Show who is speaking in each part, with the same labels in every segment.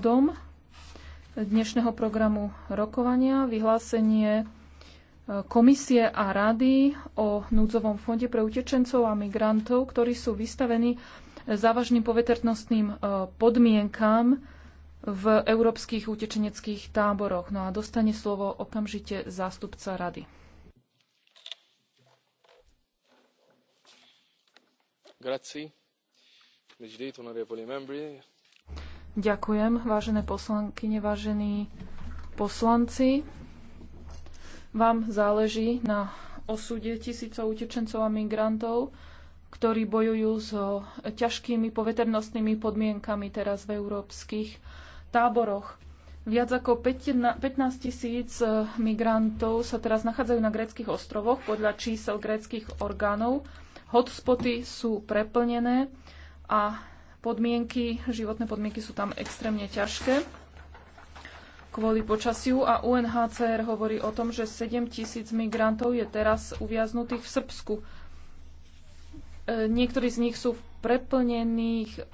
Speaker 1: bodom dnešného programu rokovania vyhlásenie e, Komisie a Rady o núdzovom fonde pre utečencov a migrantov, ktorí sú vystavení závažným poveternostným e, podmienkam v európskych utečeneckých táboroch. No a dostane slovo okamžite zástupca Rady.
Speaker 2: Grazie. Legislate, onorevoli membri,
Speaker 1: Ďakujem, vážené poslankyne, vážení poslanci. Vám záleží na osude tisícov utečencov a migrantov, ktorí bojujú s so ťažkými poveternostnými podmienkami teraz v európskych táboroch. Viac ako 15 tisíc e, migrantov sa teraz nachádzajú na gréckých ostrovoch podľa čísel gréckých orgánov. Hotspoty sú preplnené a podmienky, životné podmienky sú tam extrémne ťažké kvôli počasiu a UNHCR hovorí o tom, že 7 tisíc migrantov je teraz uviaznutých v Srbsku. E, niektorí z nich sú v preplnených e, e,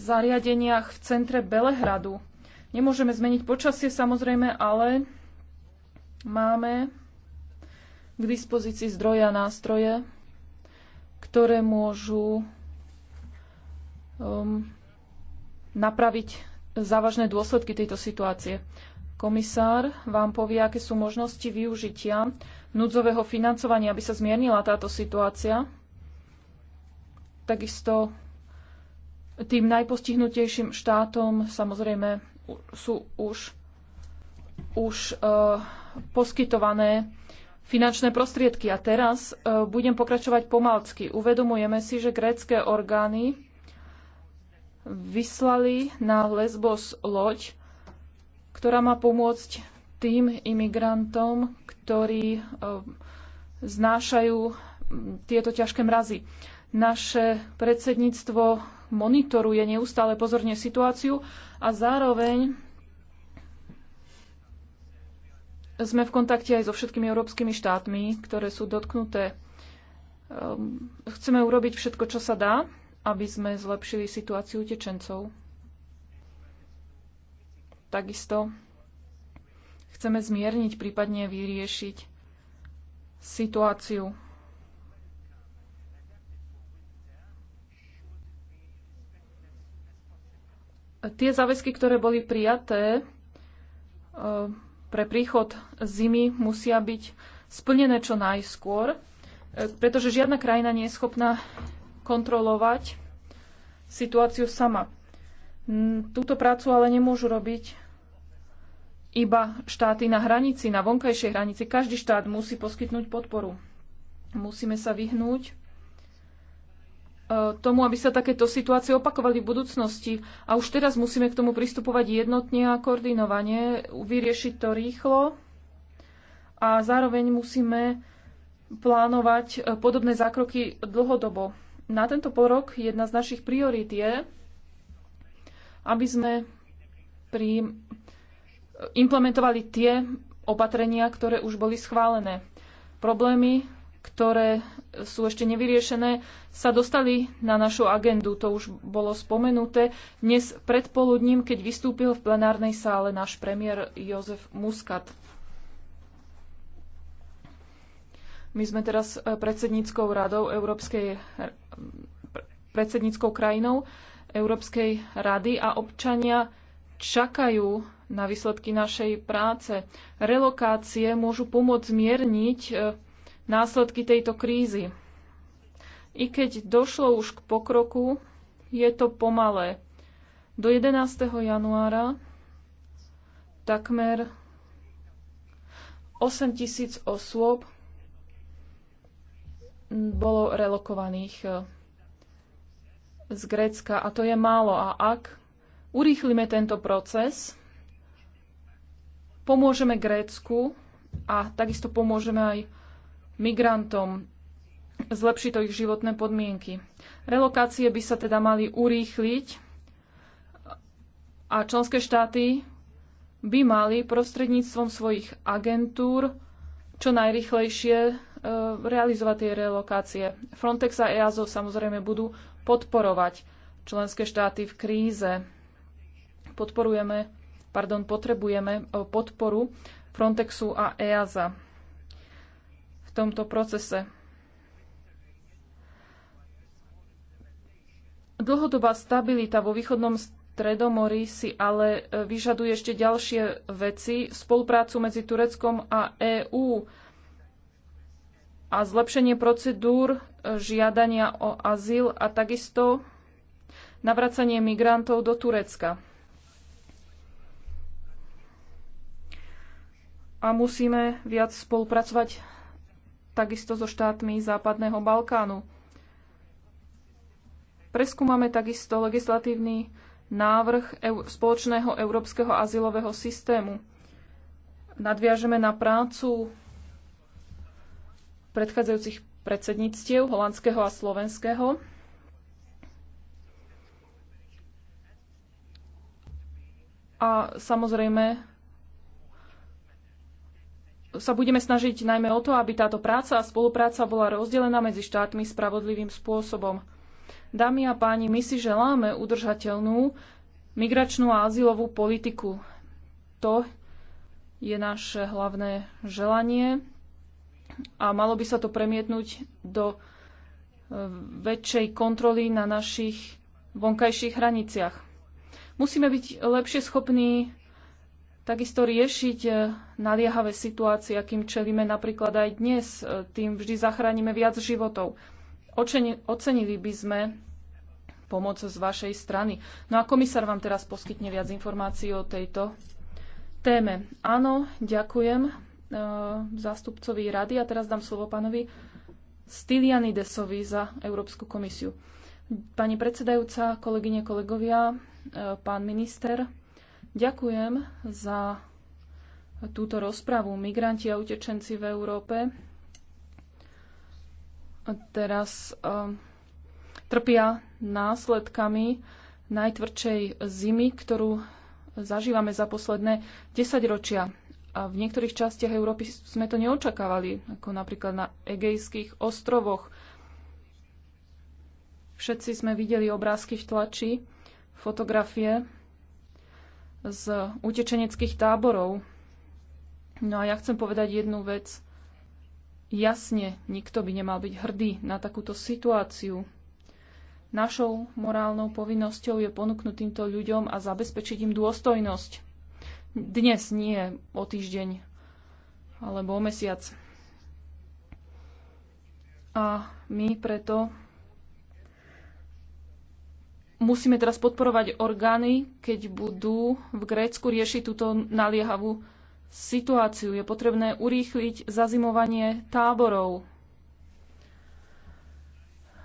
Speaker 1: zariadeniach v centre Belehradu. Nemôžeme zmeniť počasie samozrejme, ale máme k dispozícii zdroja a nástroje, ktoré môžu um, napraviť závažné dôsledky tejto situácie. Komisár vám povie, aké sú možnosti využitia núdzového financovania, aby sa zmiernila táto situácia. Takisto tým najpostihnutejším štátom samozrejme sú už, už uh, poskytované finančné prostriedky. A teraz uh, budem pokračovať pomalcky. Uvedomujeme si, že grécké orgány vyslali na Lesbos loď, ktorá má pomôcť tým imigrantom, ktorí e, znášajú tieto ťažké mrazy. Naše predsedníctvo monitoruje neustále pozorne situáciu a zároveň sme v kontakte aj so všetkými európskymi štátmi, ktoré sú dotknuté. Ehm, chceme urobiť všetko, čo sa dá, aby sme zlepšili situáciu utečencov. Takisto chceme zmierniť, prípadne vyriešiť situáciu. Tie záväzky, ktoré boli prijaté e, pre príchod zimy, musia byť splnené čo najskôr, e, pretože žiadna krajina nie je schopná kontrolovať situáciu sama. Túto prácu ale nemôžu robiť iba štáty na hranici, na vonkajšej hranici. Každý štát musí poskytnúť podporu. Musíme sa vyhnúť e, tomu, aby sa takéto situácie opakovali v budúcnosti. A už teraz musíme k tomu pristupovať jednotne a koordinovane, vyriešiť to rýchlo a zároveň musíme plánovať e, podobné zákroky dlhodobo na tento porok jedna z našich priorít je, aby sme pri e, implementovali tie opatrenia, ktoré už boli schválené. Problémy, ktoré sú ešte nevyriešené, sa dostali na našu agendu. To už bolo spomenuté dnes predpoludním, keď vystúpil v plenárnej sále náš premiér Jozef Muscat. My sme teraz e, predsedníckou radou Európskej e, predsedníckou krajinou Európskej rady a občania čakajú na výsledky našej práce. Relokácie môžu pomôcť zmierniť e, následky tejto krízy. I keď došlo už k pokroku, je to pomalé. Do 11. januára takmer 8 tisíc osôb bolo relokovaných e, z Grécka a to je málo. A ak urýchlime tento proces, pomôžeme Grécku a takisto pomôžeme aj migrantom. zlepšiť to ich životné podmienky. Relokácie by sa teda mali urýchliť a členské štáty by mali prostredníctvom svojich agentúr čo najrychlejšie E, realizovať tie relokácie. Frontex a EASO samozrejme budú podporovať členské štáty v kríze. Podporujeme, pardon, potrebujeme e, podporu Frontexu a EASA v tomto procese. Dlhodobá stabilita vo východnom Stredomorí si ale e, vyžaduje ešte ďalšie veci, spoluprácu medzi Tureckom a EÚ a zlepšenie procedúr e, žiadania o azyl a takisto navracanie migrantov do Turecka. A musíme viac spolupracovať takisto so štátmi Západného Balkánu. Preskúmame takisto legislatívny návrh spoločného európskeho azylového systému. Nadviažeme na prácu predchádzajúcich predsedníctiev, holandského a slovenského. A samozrejme sa budeme snažiť najmä o to, aby táto práca a spolupráca bola rozdelená medzi štátmi spravodlivým spôsobom. Dámy a páni, my si želáme udržateľnú migračnú a azylovú politiku. To je naše hlavné želanie a malo by sa to premietnúť do e, väčšej kontroly na našich vonkajších hraniciach. Musíme byť lepšie schopní takisto riešiť e, naliehavé situácie, akým čelíme napríklad aj dnes. E, tým vždy zachránime viac životov. Ocenili by sme pomoc z vašej strany. No a komisár vám teraz poskytne viac informácií o tejto téme. Áno, ďakujem. E, zástupcovi rady. A teraz dám slovo pánovi Stylianidesovi za Európsku komisiu. Pani predsedajúca, kolegyne, kolegovia, e, pán minister, ďakujem za túto rozpravu. Migranti a utečenci v Európe teraz uh, trpia následkami najtvrdšej zimy, ktorú zažívame za posledné desaťročia. A v niektorých častiach Európy sme to neočakávali, ako napríklad na Egejských ostrovoch. Všetci sme videli obrázky v tlači, fotografie z utečeneckých táborov. No a ja chcem povedať jednu vec. Jasne, nikto by nemal byť hrdý na takúto situáciu. Našou morálnou povinnosťou je ponúknuť týmto ľuďom a zabezpečiť im dôstojnosť. Dnes nie, o týždeň alebo o mesiac. A my preto musíme teraz podporovať orgány, keď budú v Grécku riešiť túto naliehavú situáciu. Je potrebné urýchliť zazimovanie táborov,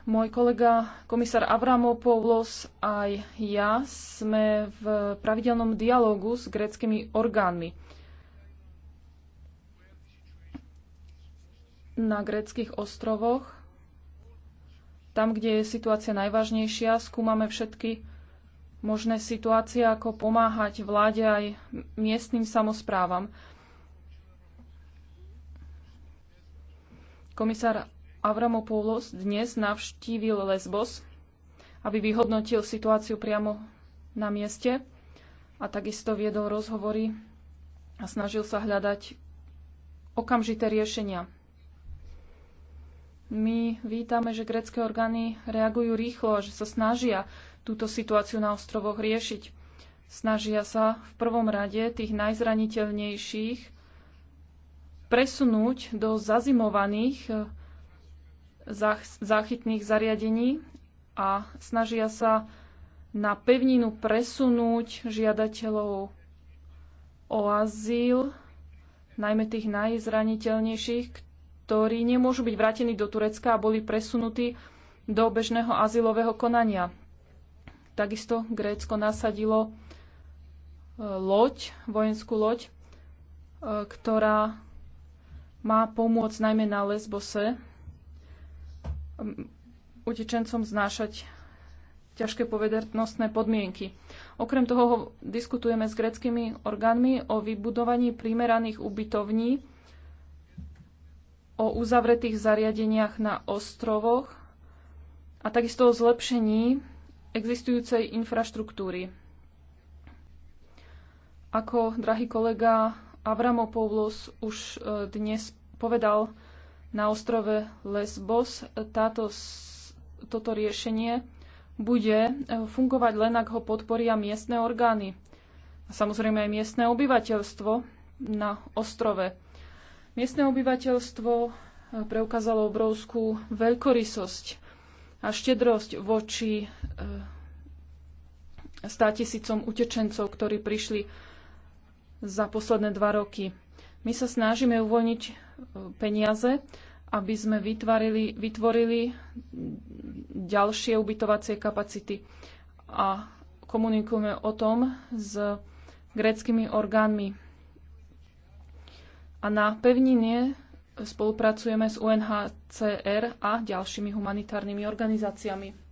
Speaker 1: môj kolega komisár Avramopoulos aj ja sme v pravidelnom dialogu s gréckými orgánmi. Na gréckých ostrovoch, tam, kde je situácia najvážnejšia, skúmame všetky možné situácie, ako pomáhať vláde aj miestnym samozprávam. Komisár Avramopoulos dnes navštívil Lesbos, aby vyhodnotil situáciu priamo na mieste a takisto viedol rozhovory a snažil sa hľadať okamžité riešenia. My vítame, že grecké orgány reagujú rýchlo a že sa snažia túto situáciu na ostrovoch riešiť. Snažia sa v prvom rade tých najzraniteľnejších presunúť do zazimovaných záchytných zariadení a snažia sa na pevninu presunúť žiadateľov o azyl, najmä tých najzraniteľnejších, ktorí nemôžu byť vrátení do Turecka a boli presunutí do bežného azylového konania. Takisto Grécko nasadilo e, loď, vojenskú loď, e, ktorá má pomôcť najmä na Lesbose Um, utečencom znášať ťažké povedernostné podmienky. Okrem toho diskutujeme s greckými orgánmi o vybudovaní primeraných ubytovní, o uzavretých zariadeniach na ostrovoch a takisto o zlepšení existujúcej infraštruktúry. Ako drahý kolega Avramopoulos už e, dnes povedal, na ostrove Lesbos. Táto, toto riešenie bude e, fungovať len, ak ho podporia miestne orgány a samozrejme aj miestne obyvateľstvo na ostrove. Miestne obyvateľstvo e, preukázalo obrovskú veľkorysosť a štedrosť voči e, státisícom utečencov, ktorí prišli za posledné dva roky. My sa snažíme uvoľniť peniaze, aby sme vytvorili, vytvorili ďalšie ubytovacie kapacity. A komunikujeme o tom s gréckými orgánmi. A na pevnine spolupracujeme s UNHCR a ďalšími humanitárnymi organizáciami.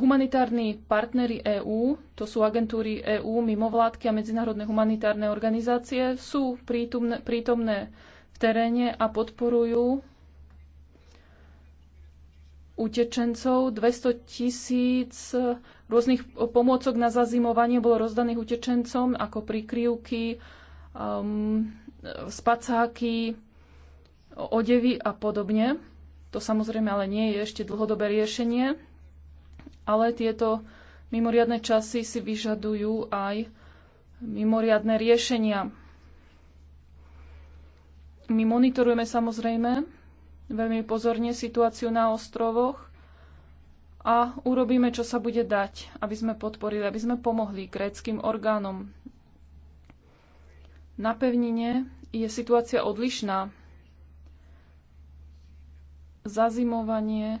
Speaker 1: Humanitárni partnery EÚ, to sú agentúry EÚ, mimovládky a medzinárodné humanitárne organizácie, sú prítomné, prítomné v teréne a podporujú utečencov. 200 tisíc rôznych pomôcok na zazimovanie bolo rozdaných utečencom, ako prikryvky, um, spacáky, odevy a podobne. To samozrejme ale nie je ešte dlhodobé riešenie ale tieto mimoriadne časy si vyžadujú aj mimoriadne riešenia. My monitorujeme samozrejme veľmi pozorne situáciu na ostrovoch a urobíme, čo sa bude dať, aby sme podporili, aby sme pomohli gréckým orgánom. Na pevnine je situácia odlišná. Zazimovanie, e,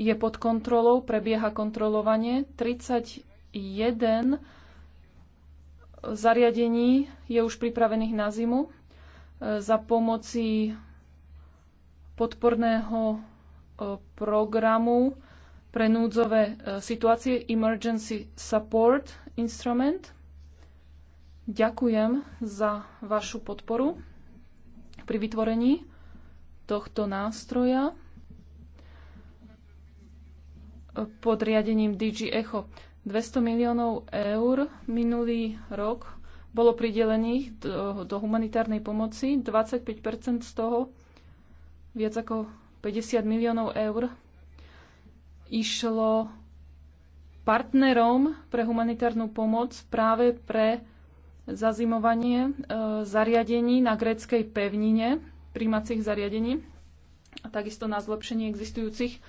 Speaker 1: je pod kontrolou, prebieha kontrolovanie. 31 zariadení je už pripravených na zimu e, za pomoci podporného e, programu pre núdzové e, situácie Emergency Support Instrument. Ďakujem za vašu podporu pri vytvorení tohto nástroja pod riadením DG Echo. 200 miliónov eur minulý rok bolo pridelených do, do humanitárnej pomoci, 25 z toho, viac ako 50 miliónov eur, išlo partnerom pre humanitárnu pomoc práve pre zazimovanie e, zariadení na gréckej pevnine, príjmacích zariadení a takisto na zlepšenie existujúcich e,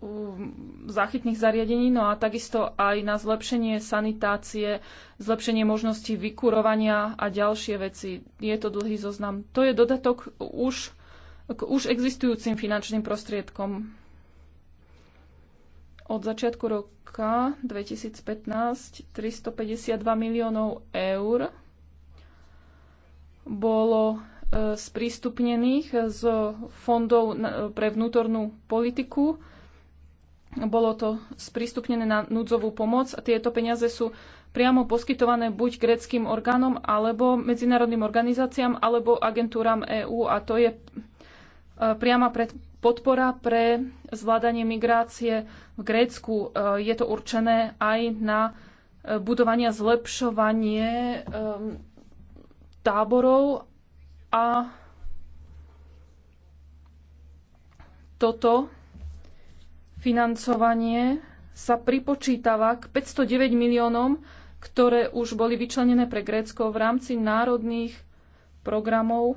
Speaker 1: Um, záchytných zariadení, no a takisto aj na zlepšenie sanitácie, zlepšenie možností vykurovania a ďalšie veci. Je to dlhý zoznam. To je dodatok už k už existujúcim finančným prostriedkom. Od začiatku roka 2015 352 miliónov eur bolo e, sprístupnených z fondov e, pre vnútornú politiku bolo to sprístupnené na núdzovú pomoc a tieto peniaze sú priamo poskytované buď greckým orgánom, alebo medzinárodným organizáciám, alebo agentúram EÚ a to je e, priama pred podpora pre zvládanie migrácie v Grécku. E, je to určené aj na e, budovanie a zlepšovanie táborov a toto financovanie sa pripočítava k 509 miliónom, ktoré už boli vyčlenené pre Grécko v rámci národných programov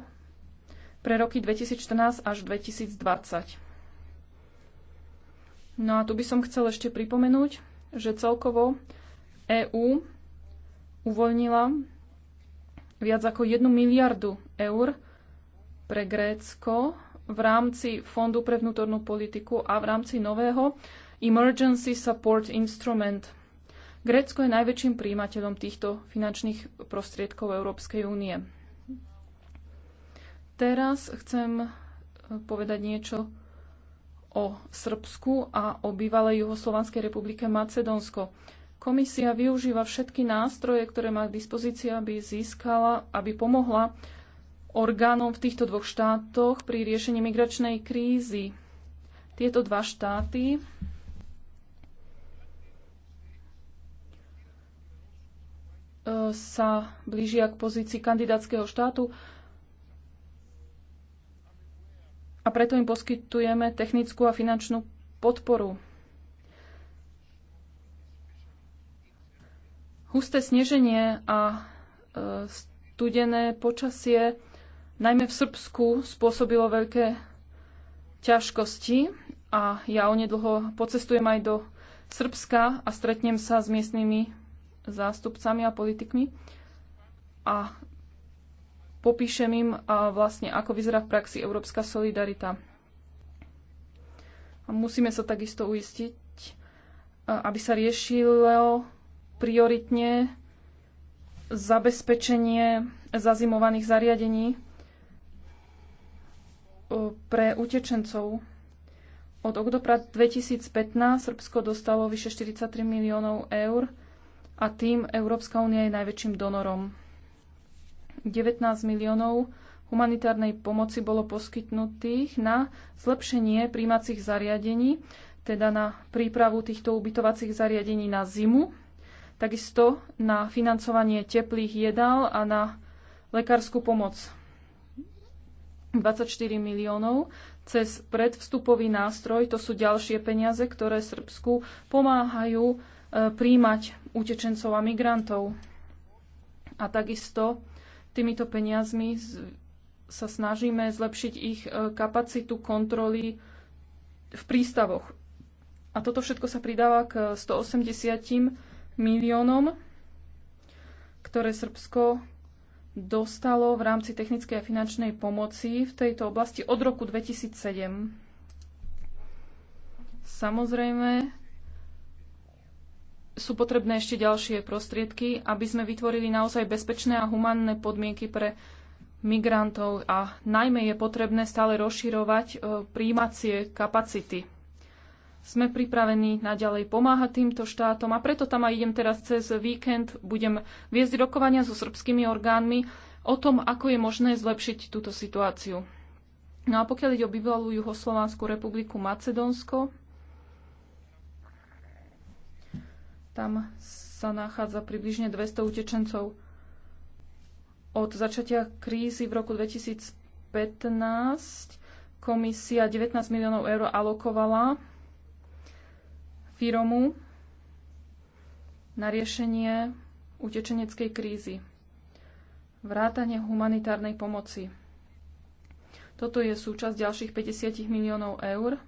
Speaker 1: pre roky 2014 až 2020. No a tu by som chcel ešte pripomenúť, že celkovo EÚ uvoľnila viac ako 1 miliardu eur pre Grécko v rámci Fondu pre vnútornú politiku a v rámci nového Emergency Support Instrument. Grécko je najväčším príjimateľom týchto finančných prostriedkov Európskej únie. Teraz chcem e, povedať niečo o Srbsku a o bývalej Juhoslovanskej republike Macedónsko. Komisia využíva všetky nástroje, ktoré má k dispozícii, aby získala, aby pomohla orgánom v týchto dvoch štátoch pri riešení migračnej krízy. Tieto dva štáty sa blížia k pozícii kandidátskeho štátu a preto im poskytujeme technickú a finančnú podporu. Husté sneženie a e, studené počasie najmä v Srbsku spôsobilo veľké ťažkosti a ja onedlho pocestujem aj do Srbska a stretnem sa s miestnymi zástupcami a politikmi a popíšem im vlastne, ako vyzerá v praxi európska solidarita. A musíme sa takisto uistiť, aby sa riešilo prioritne zabezpečenie zazimovaných zariadení pre utečencov. Od oktobra 2015 Srbsko dostalo vyše 43 miliónov eur a tým Európska únia je najväčším donorom. 19 miliónov humanitárnej pomoci bolo poskytnutých na zlepšenie príjmacích zariadení, teda na prípravu týchto ubytovacích zariadení na zimu, takisto na financovanie teplých jedál a na lekárskú pomoc 24 miliónov cez predvstupový nástroj. To sú ďalšie peniaze, ktoré Srbsku pomáhajú e, príjmať utečencov a migrantov. A takisto týmito peniazmi sa snažíme zlepšiť ich e, kapacitu kontroly v prístavoch. A toto všetko sa pridáva k 180 miliónom, ktoré Srbsko dostalo v rámci technickej a finančnej pomoci v tejto oblasti od roku 2007. Samozrejme, sú potrebné ešte ďalšie prostriedky, aby sme vytvorili naozaj bezpečné a humanné podmienky pre migrantov a najmä je potrebné stále rozširovať e, príjmacie kapacity. Sme pripravení naďalej pomáhať týmto štátom a preto tam aj idem teraz cez víkend. Budem viesť rokovania so srbskými orgánmi o tom, ako je možné zlepšiť túto situáciu. No a pokiaľ ide o bývalú Juhoslovanskú republiku Macedónsko, tam sa nachádza približne 200 utečencov od začatia krízy v roku 2015 komisia 19 miliónov eur alokovala Fyromu na riešenie utečeneckej krízy, vrátanie humanitárnej pomoci. Toto je súčasť ďalších 50 miliónov eur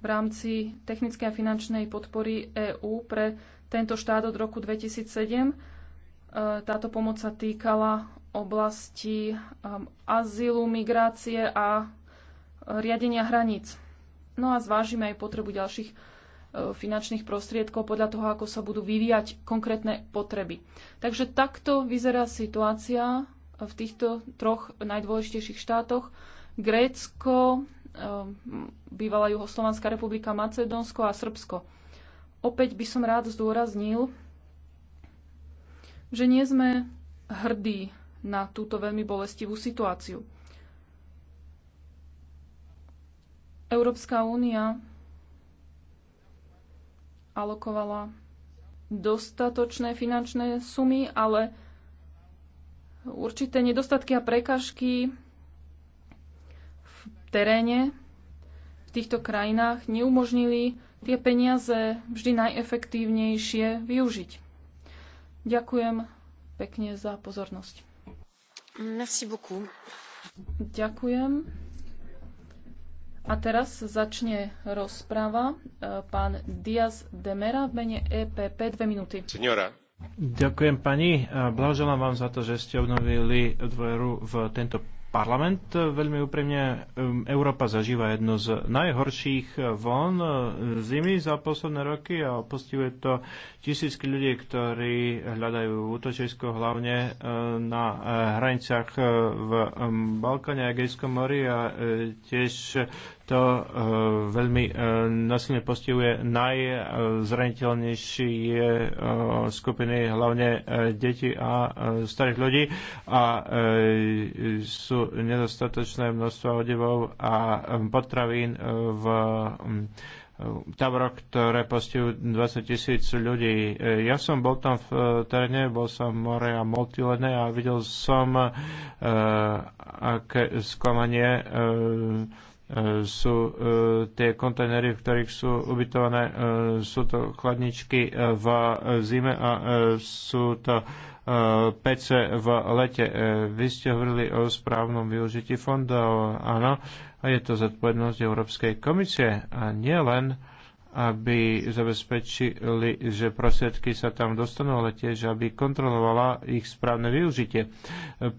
Speaker 1: v rámci technickej a finančnej podpory EÚ pre tento štát od roku 2007. E, táto pomoc sa týkala oblasti e, azylu, migrácie a riadenia hraníc. No a zvážime aj potrebu ďalších e, finančných prostriedkov podľa toho, ako sa budú vyvíjať konkrétne potreby. Takže takto vyzerá situácia v týchto troch najdôležitejších štátoch. Grécko, e, bývalá Juhoslovanská republika, Macedónsko a Srbsko. Opäť by som rád zdôraznil, že nie sme hrdí na túto veľmi bolestivú situáciu. Európska únia alokovala dostatočné finančné sumy, ale určité nedostatky a prekažky v teréne v týchto krajinách neumožnili tie peniaze vždy najefektívnejšie využiť. Ďakujem pekne za pozornosť. Merci beaucoup. Ďakujem. A teraz začne rozpráva. E, pán Diaz Demera v mene EPP, dve minúty.
Speaker 2: Signora. Ďakujem pani. Blahoželám vám za to, že ste obnovili dvojeru v tento parlament. Veľmi úprimne, um, Európa zažíva jednu z najhorších von uh, zimy za posledné roky a postihuje to tisícky ľudí, ktorí hľadajú útočisko hlavne uh, na uh, hraniciach v um, Balkáne a Egejskom mori a tiež to e, veľmi e, nasilne postihuje najzraniteľnejšie e, skupiny, hlavne deti a starých ľudí a sú nedostatočné množstva odevov a potravín v táboroch, ktoré postihujú 20 tisíc ľudí. Ja som bol tam v teréne, bol som v more a multilene a videl som uh, aké sklamanie uh, E, sú e, tie kontajnery, v ktorých sú ubytované, e, sú to chladničky v zime a sú to pece v lete. Vy ste hovorili o správnom využití fondov, áno, a je to zodpovednosť Európskej komisie a nie len aby zabezpečili, že prostriedky sa tam dostanú, ale tiež, aby kontrolovala ich správne využitie.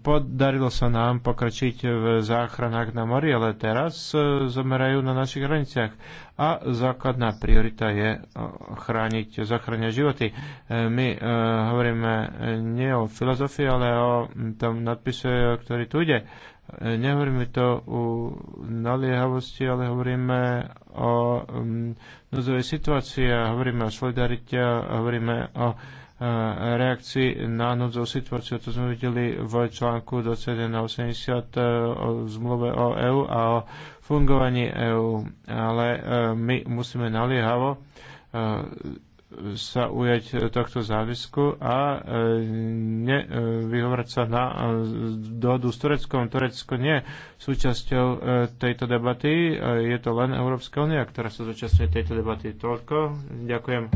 Speaker 2: Podarilo sa nám pokračiť v záchranách na mori, ale teraz e, zomerajú na našich hraniciach. A základná priorita je e, chrániť, zachrániť životy. E, my hovoríme nie o filozofii, ale o tom nadpise, ktorý tu ide E, nehovoríme to u naliehavosti, ale hovoríme o mm, núzovej situácii a hovoríme o solidarite a hovoríme o e, reakcii na núdzovú situáciu. To sme videli v článku 2180 e, o zmluve o EÚ a o fungovaní EÚ. Ale my musíme naliehavo sa ujať e, tohto závisku a e, e, vyhovorať sa na dohodu s Tureckom. Turecko nie je súčasťou tejto debaty, je to len Európska únia, ktorá sa zúčastňuje tejto debaty. Toľko, ďakujem.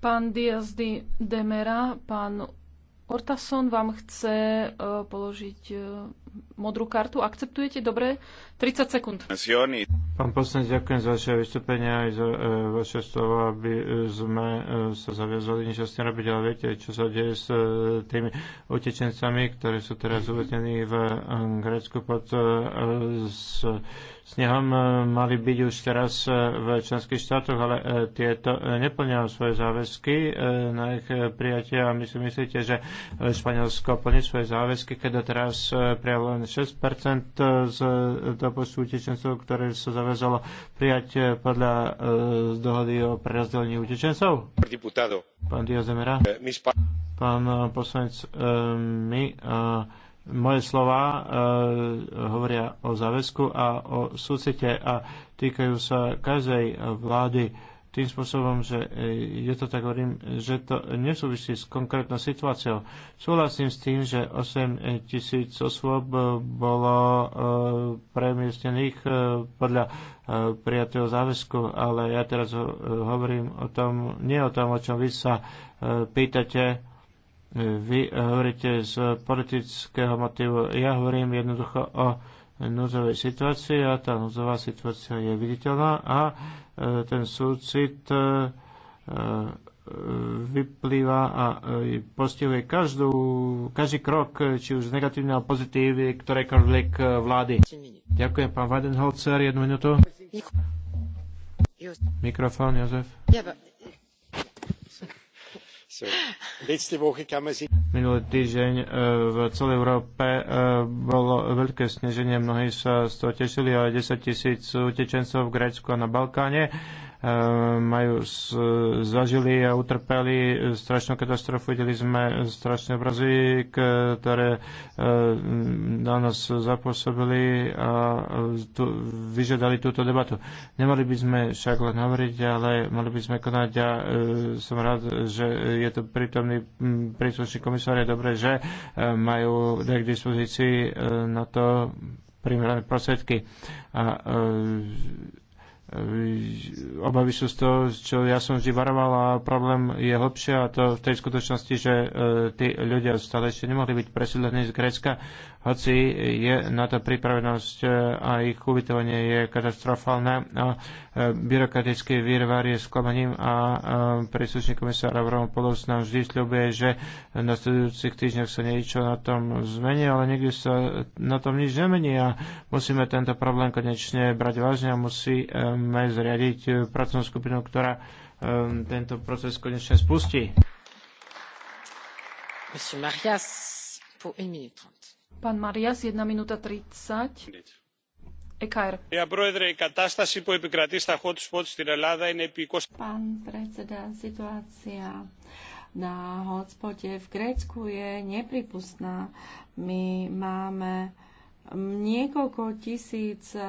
Speaker 1: Pán Diaz de Demera, pán Ortason vám chce položiť modrú kartu. Akceptujete? Dobre, 30 sekúnd.
Speaker 2: Pán poslanec, ďakujem za vaše vystúpenie aj za e, vaše slovo, aby e, sme e, sa zaviazali niečo s tým robiť, ale viete, čo sa deje s e, tými utečencami, ktorí sú teraz uvetení v e, Grécku pod e, s, snehom. E, mali byť už teraz e, v členských štátoch, ale e, tieto e, neplňajú svoje záväzky e, na ich e, prijatie a my si myslíte, že Španielsko plní svoje záväzky, keď teraz e, len 6% z dopočtu utečencov, ktoré sa zavezalo prijať eh, podľa eh, z dohody o prerazdelení utečencov? Diputado. Pán Diazemera? Eh, pa... Pán poslanec, my moje slova hovoria o záväzku a o súcite a týkajú sa každej vlády tým spôsobom, že e, je to tak hovorím, že to nesúvisí s konkrétnou situáciou. Súhlasím s tým, že 8 tisíc osôb bolo e, premiestnených e, podľa prijatého záväzku, ale ja teraz hovorím o tom, nie o tom, o čom vy sa pýtate, vy hovoríte z politického motivu. Ja hovorím jednoducho o núzovej situácii a tá núzová situácia je viditeľná a ten súcit e, e, vyplýva a e, postihuje každú, každý krok, či už negatívne alebo pozitívny, ktorejkoľvek vlády. Ďakujem, pán Weidenholzer, jednu minútu. Mikrofón, Jozef. Minulý týždeň e, v celej Európe e, bolo veľké sneženie, mnohí sa z toho tešili ale 10 tisíc utečencov v Grécku a na Balkáne Ehm, majú zažili a utrpeli strašnú katastrofu. Videli sme strašné obrazy, ktoré ehm, na nás zapôsobili a tu, vyžiadali túto debatu. Nemali by sme však len hovoriť, ale mali by sme konať a ehm, som rád, že je to prítomný príslušný komisár. Je dobré, že majú k dispozícii na to primerané prostriedky. A a, obavy sú z toho, čo ja som vždy varoval a problém je hlbšie a to v tej skutočnosti, že e, tí ľudia stále ešte nemohli byť presídlení z Grécka hoci je na to pripravenosť e, a ich ubytovanie je katastrofálne a e, byrokratický výrvar je sklamaním a e, príslušný komisár Polos nám vždy sľubuje, že v nasledujúcich týždňoch sa niečo na tom zmení, ale nikdy sa na tom nič nemení a musíme tento problém konečne brať vážne a musíme zriadiť pracovnú skupinu, ktorá tento proces konečne spustí.
Speaker 1: Monsieur Marias. Pán Marias,
Speaker 3: 1 minúta 30. E Pán predseda, situácia na hotspote v Grécku je nepripustná. My máme niekoľko tisíc e,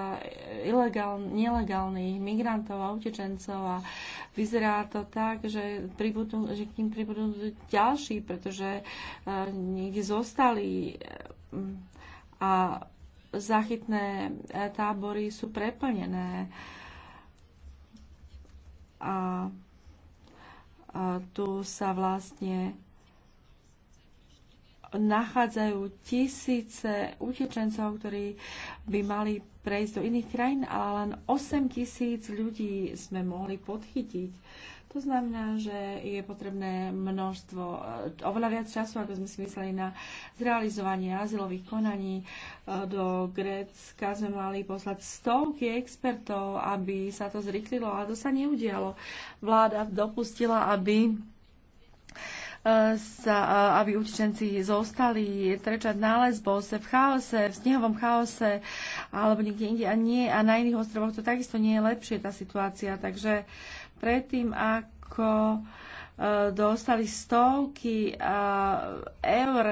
Speaker 3: ilegál, nelegálnych migrantov a utečencov a vyzerá to tak, že, pribudú, že k ním pribudú ďalší, pretože uh, niekde zostali a zachytné e, tábory sú preplnené. A, a tu sa vlastne nachádzajú tisíce utečencov, ktorí by mali prejsť do iných krajín, ale len 8 tisíc ľudí sme mohli podchytiť. To znamená, že je potrebné množstvo, eh, oveľa viac času, ako sme si mysleli, na zrealizovanie azylových konaní. Eh, do Grécka sme mali poslať stovky expertov, aby sa to zrychlilo, ale to sa neudialo. Vláda dopustila, aby sa, aby utečenci zostali trečať na Lesbose, v chaose, v snehovom chaose alebo niekde inde a nie. A na iných ostrovoch to takisto nie je lepšie tá situácia. Takže predtým, ako e, dostali stovky e, eur.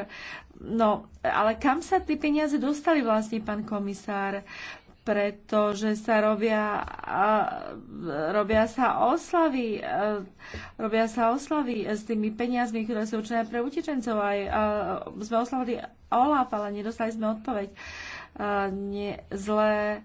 Speaker 3: No, ale kam sa tie peniaze dostali vlastne, pán komisár? pretože sa robia, robia sa oslavy, robia sa oslavy s tými peniazmi, ktoré sú určené pre utečencov. Aj sme oslavili Olaf, ale nedostali sme odpoveď. Nie, zlé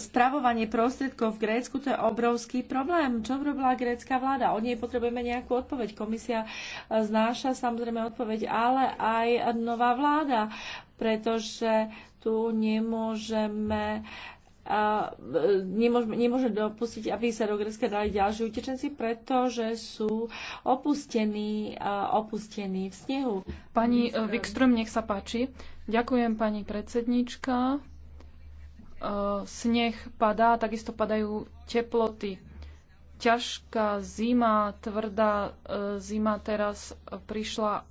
Speaker 3: spravovanie prostriedkov v Grécku, to je obrovský problém. Čo robila grécka vláda? Od nej potrebujeme nejakú odpoveď. Komisia znáša samozrejme odpoveď, ale aj nová vláda, pretože tu nemôžeme nemôžeme, nemôže dopustiť, aby sa do Grécka dali ďalší utečenci, pretože sú opustení, opustení v snehu. Pani e, Wikström, nech sa páči.
Speaker 1: Ďakujem, pani predsednička. E, sneh padá, takisto padajú teploty. Ťažká zima, tvrdá e, zima teraz prišla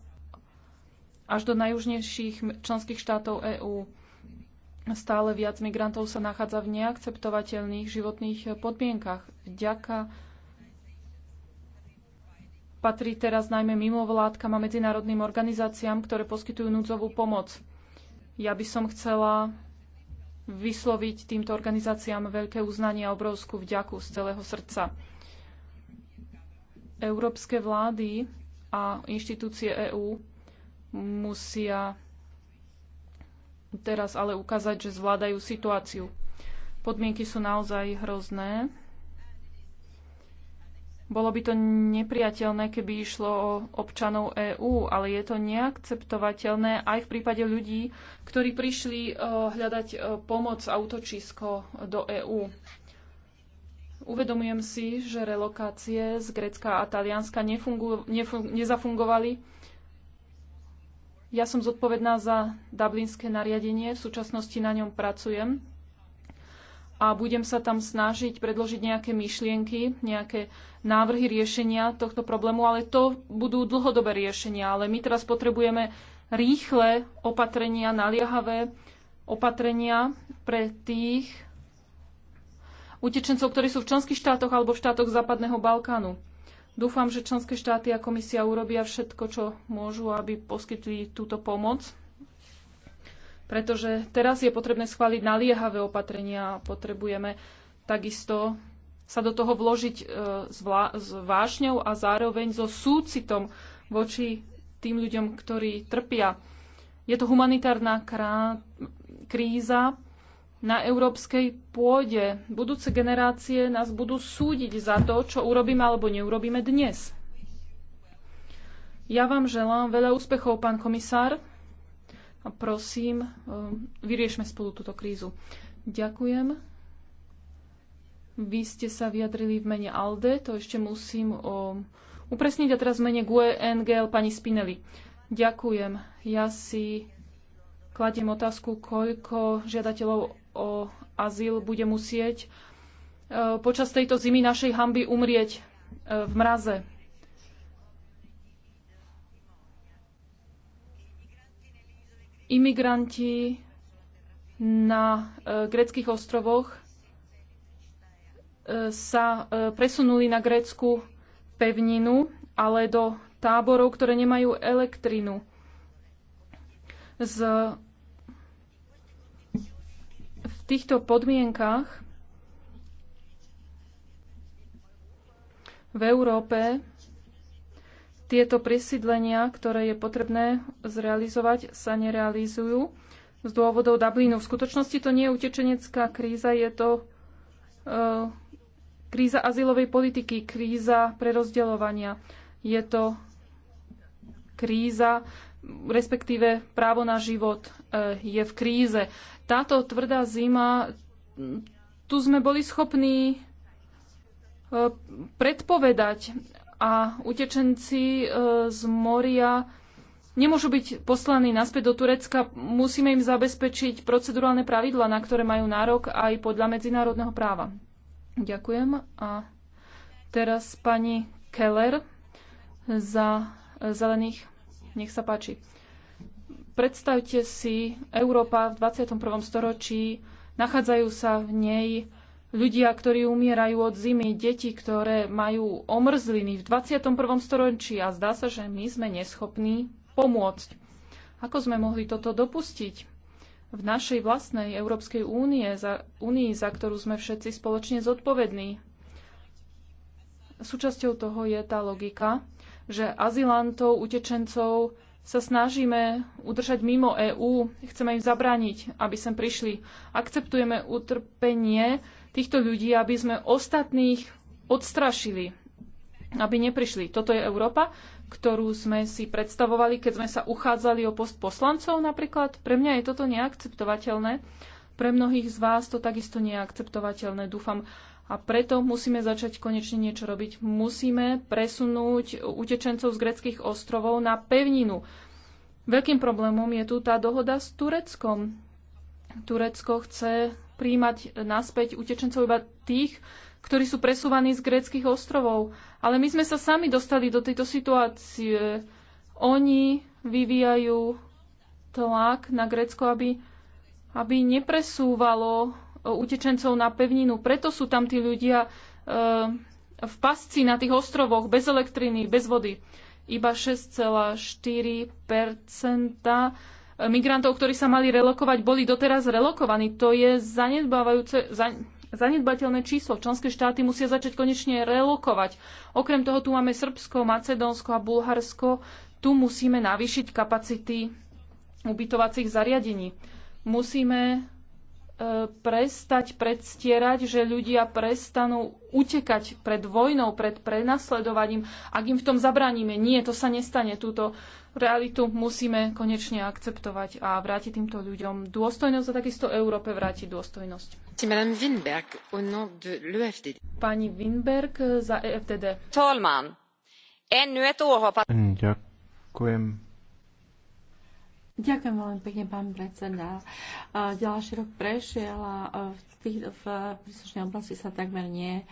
Speaker 1: až do najjužnejších členských štátov EÚ Stále viac migrantov sa nachádza v neakceptovateľných životných podmienkach. Vďaka patrí teraz najmä mimovládkam a medzinárodným organizáciám, ktoré poskytujú núdzovú pomoc. Ja by som chcela vysloviť týmto organizáciám veľké uznanie a obrovskú vďaku z celého srdca. Európske vlády a inštitúcie EÚ musia teraz ale ukázať, že zvládajú situáciu. Podmienky sú naozaj hrozné. Bolo by to nepriateľné, keby išlo o občanov EÚ, ale je to neakceptovateľné aj v prípade ľudí, ktorí prišli eh, hľadať eh, pomoc a útočisko do EÚ. Uvedomujem si, že relokácie z Grecka a Talianska nezafungovali ja som zodpovedná za dublinské nariadenie, v súčasnosti na ňom pracujem a budem sa tam snažiť predložiť nejaké myšlienky, nejaké návrhy riešenia tohto problému, ale to budú dlhodobé riešenia. Ale my teraz potrebujeme rýchle opatrenia, naliehavé opatrenia pre tých utečencov, ktorí sú v členských štátoch alebo v štátoch Západného Balkánu. Dúfam, že členské štáty a komisia urobia všetko, čo môžu, aby poskytli túto pomoc, pretože teraz je potrebné schváliť naliehavé opatrenia a potrebujeme takisto sa do toho vložiť e, s, s vášňou a zároveň so súcitom voči tým ľuďom, ktorí trpia. Je to humanitárna krá- kríza, na európskej pôde. Budúce generácie nás budú súdiť za to, čo urobíme alebo neurobíme dnes. Ja vám želám veľa úspechov, pán komisár. A prosím, eh, vyriešme spolu túto krízu. Ďakujem. Vy ste sa vyjadrili v mene ALDE, to ešte musím o... Eh, upresniť a teraz v mene GUE NGL pani Spinelli. Ďakujem. Ja si kladiem otázku, koľko žiadateľov o azyl bude musieť e, počas tejto zimy našej hamby umrieť e, v mraze. Imigranti na e, greckých ostrovoch sa presunuli na grécku pevninu, ale do táborov, ktoré nemajú elektrinu. Z týchto podmienkach v Európe tieto presídlenia, ktoré je potrebné zrealizovať, sa nerealizujú z dôvodov Dublinu. V skutočnosti to nie je utečenecká kríza, je to e, kríza azylovej politiky, kríza prerozdeľovania. Je to kríza respektíve právo na život e, je v kríze. Táto tvrdá zima, tu sme boli schopní e, predpovedať a utečenci e, z moria nemôžu byť poslaní naspäť do Turecka. Musíme im zabezpečiť procedurálne pravidla, na ktoré majú nárok aj podľa medzinárodného práva. Ďakujem. A teraz pani Keller za zelených nech sa páči. Predstavte si, Európa v 21. storočí, nachádzajú sa v nej ľudia, ktorí umierajú od zimy, deti, ktoré majú omrzliny v 21. storočí a zdá sa, že my sme neschopní pomôcť. Ako sme mohli toto dopustiť? v našej vlastnej Európskej únie, za, únii, za ktorú sme všetci spoločne zodpovední. Súčasťou toho je tá logika, že azylantov, utečencov sa snažíme udržať mimo EÚ, chceme im zabrániť, aby sem prišli. Akceptujeme utrpenie týchto ľudí, aby sme ostatných odstrašili, aby neprišli. Toto je Európa, ktorú sme si predstavovali, keď sme sa uchádzali o post poslancov napríklad. Pre mňa je toto neakceptovateľné. Pre mnohých z vás to takisto neakceptovateľné. Dúfam, a preto musíme začať konečne niečo robiť. Musíme presunúť utečencov z greckých ostrovov na pevninu. Veľkým problémom je tu tá dohoda s Tureckom. Turecko chce príjmať naspäť utečencov iba tých, ktorí sú presúvaní z greckých ostrovov. Ale my sme sa sami dostali do tejto situácie. Oni vyvíjajú tlak na Grécko, aby, aby nepresúvalo utečencov na pevninu. Preto sú tam tí ľudia e, v pasci na tých ostrovoch, bez elektriny, bez vody. Iba 6,4 e, migrantov, ktorí sa mali relokovať, boli doteraz relokovaní. To je zanedbávajúce, zan, zanedbateľné číslo. Členské štáty musia začať konečne relokovať. Okrem toho tu máme Srbsko, Macedónsko a Bulharsko. Tu musíme navýšiť kapacity ubytovacích zariadení. Musíme E, prestať predstierať, že ľudia prestanú utekať pred vojnou, pred prenasledovaním, ak im v tom zabraníme. Nie, to sa nestane. Túto realitu musíme konečne akceptovať a vrátiť týmto ľuďom dôstojnosť a takisto Európe vrátiť dôstojnosť. Pani Winberg e, za EFTD. Ďakujem,
Speaker 3: Ďakujem veľmi pekne, pán predseda. Ďalší rok prešiel a v, tých, v príslušnej oblasti sa takmer nie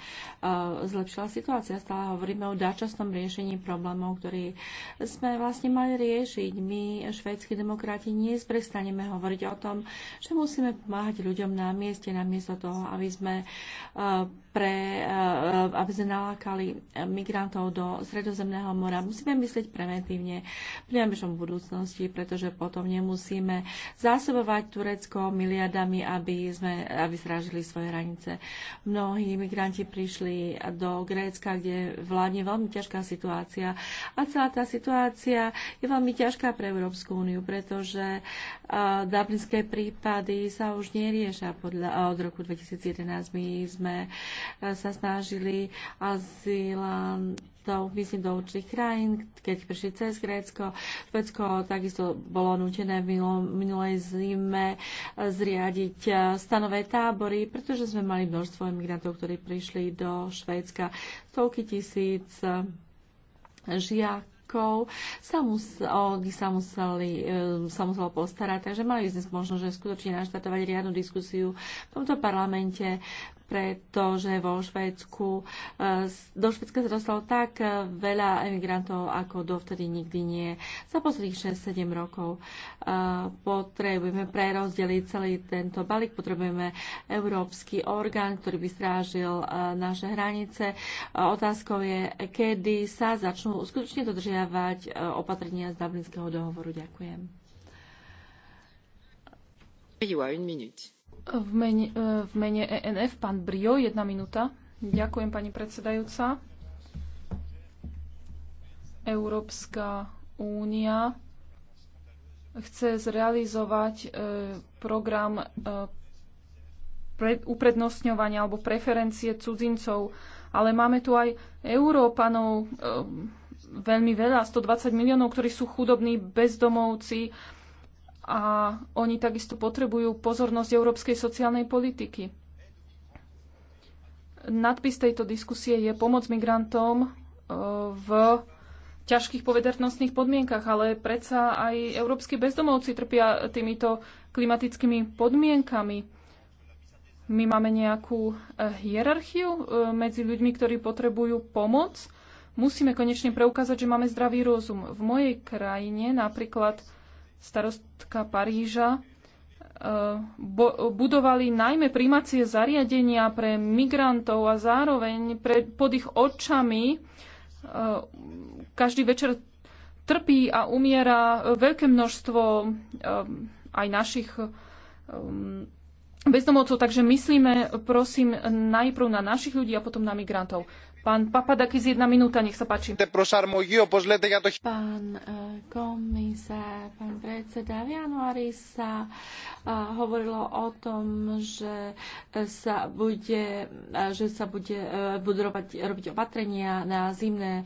Speaker 3: zlepšila situácia. Stále hovoríme o dáčasnom riešení problémov, ktorý sme vlastne mali riešiť. My, švédsky demokrati, nezprestaneme hovoriť o tom, že musíme pomáhať ľuďom na mieste, namiesto toho, aby sme pre, eh, aby sme nalákali migrantov do Sredozemného mora. Musíme myslieť preventívne v najbližšom budúcnosti, pretože potom nemusíme zásobovať Turecko miliardami, aby, sme, aby strážili svoje hranice. Mnohí migranti prišli do Grécka, kde vládne veľmi ťažká situácia a celá tá situácia je veľmi ťažká pre Európsku úniu, pretože eh, dublinské prípady sa už neriešia podľa, od roku 2011. My sme sa snažili azylantov vysiť do určitých krajín, keď prišli cez Grécko. Švedsko takisto bolo nutené v minulej zime zriadiť eh, stanové tábory, pretože sme mali množstvo imigrantov, ktorí prišli do Švédska. Stovky tisíc eh, žiak sa, sa, museli, eh, sa muselo postarať, takže mali sme možnosť, že skutočne naštartovať riadnu diskusiu v tomto parlamente pretože vo Švédsku, e, do Švédska zrostlo tak e, veľa emigrantov, ako dovtedy nikdy nie. Za posledných 6-7 rokov e, potrebujeme prerozdeliť celý tento balík, potrebujeme európsky orgán, ktorý by strážil naše hranice. Otázkou je, kedy sa začnú skutočne dodržiavať opatrenia z Dublinského dohovoru. Ďakujem.
Speaker 2: You are in minute.
Speaker 1: V mene, e, v mene ENF pán Brio, jedna minúta. Ďakujem, pani predsedajúca. Európska únia chce zrealizovať e, program e, uprednostňovania alebo preferencie cudzincov, ale máme tu aj Európanov veľmi veľa, 120 miliónov, ktorí sú chudobní bezdomovci, a oni takisto potrebujú pozornosť európskej sociálnej politiky. Nadpis tejto diskusie je pomoc migrantom e, v ťažkých povedernostných podmienkach, ale predsa aj európsky bezdomovci trpia týmito klimatickými podmienkami. My máme nejakú e, hierarchiu e, medzi ľuďmi, ktorí potrebujú pomoc. Musíme konečne preukázať, že máme zdravý rozum. V mojej krajine napríklad starostka Paríža, e, budovali najmä primacie zariadenia pre migrantov a zároveň pre, pod ich očami e, každý večer trpí a umiera veľké množstvo e, aj našich bezdomovcov. Takže myslíme, prosím, najprv na našich ľudí a potom na migrantov. Pán Papadakis, jedna minúta, nech sa páči.
Speaker 2: Pán
Speaker 3: e, komisár, pán predseda, v januári sa e, hovorilo o tom, že sa bude, e, že sa bude, budú robiť, robiť opatrenia na zimné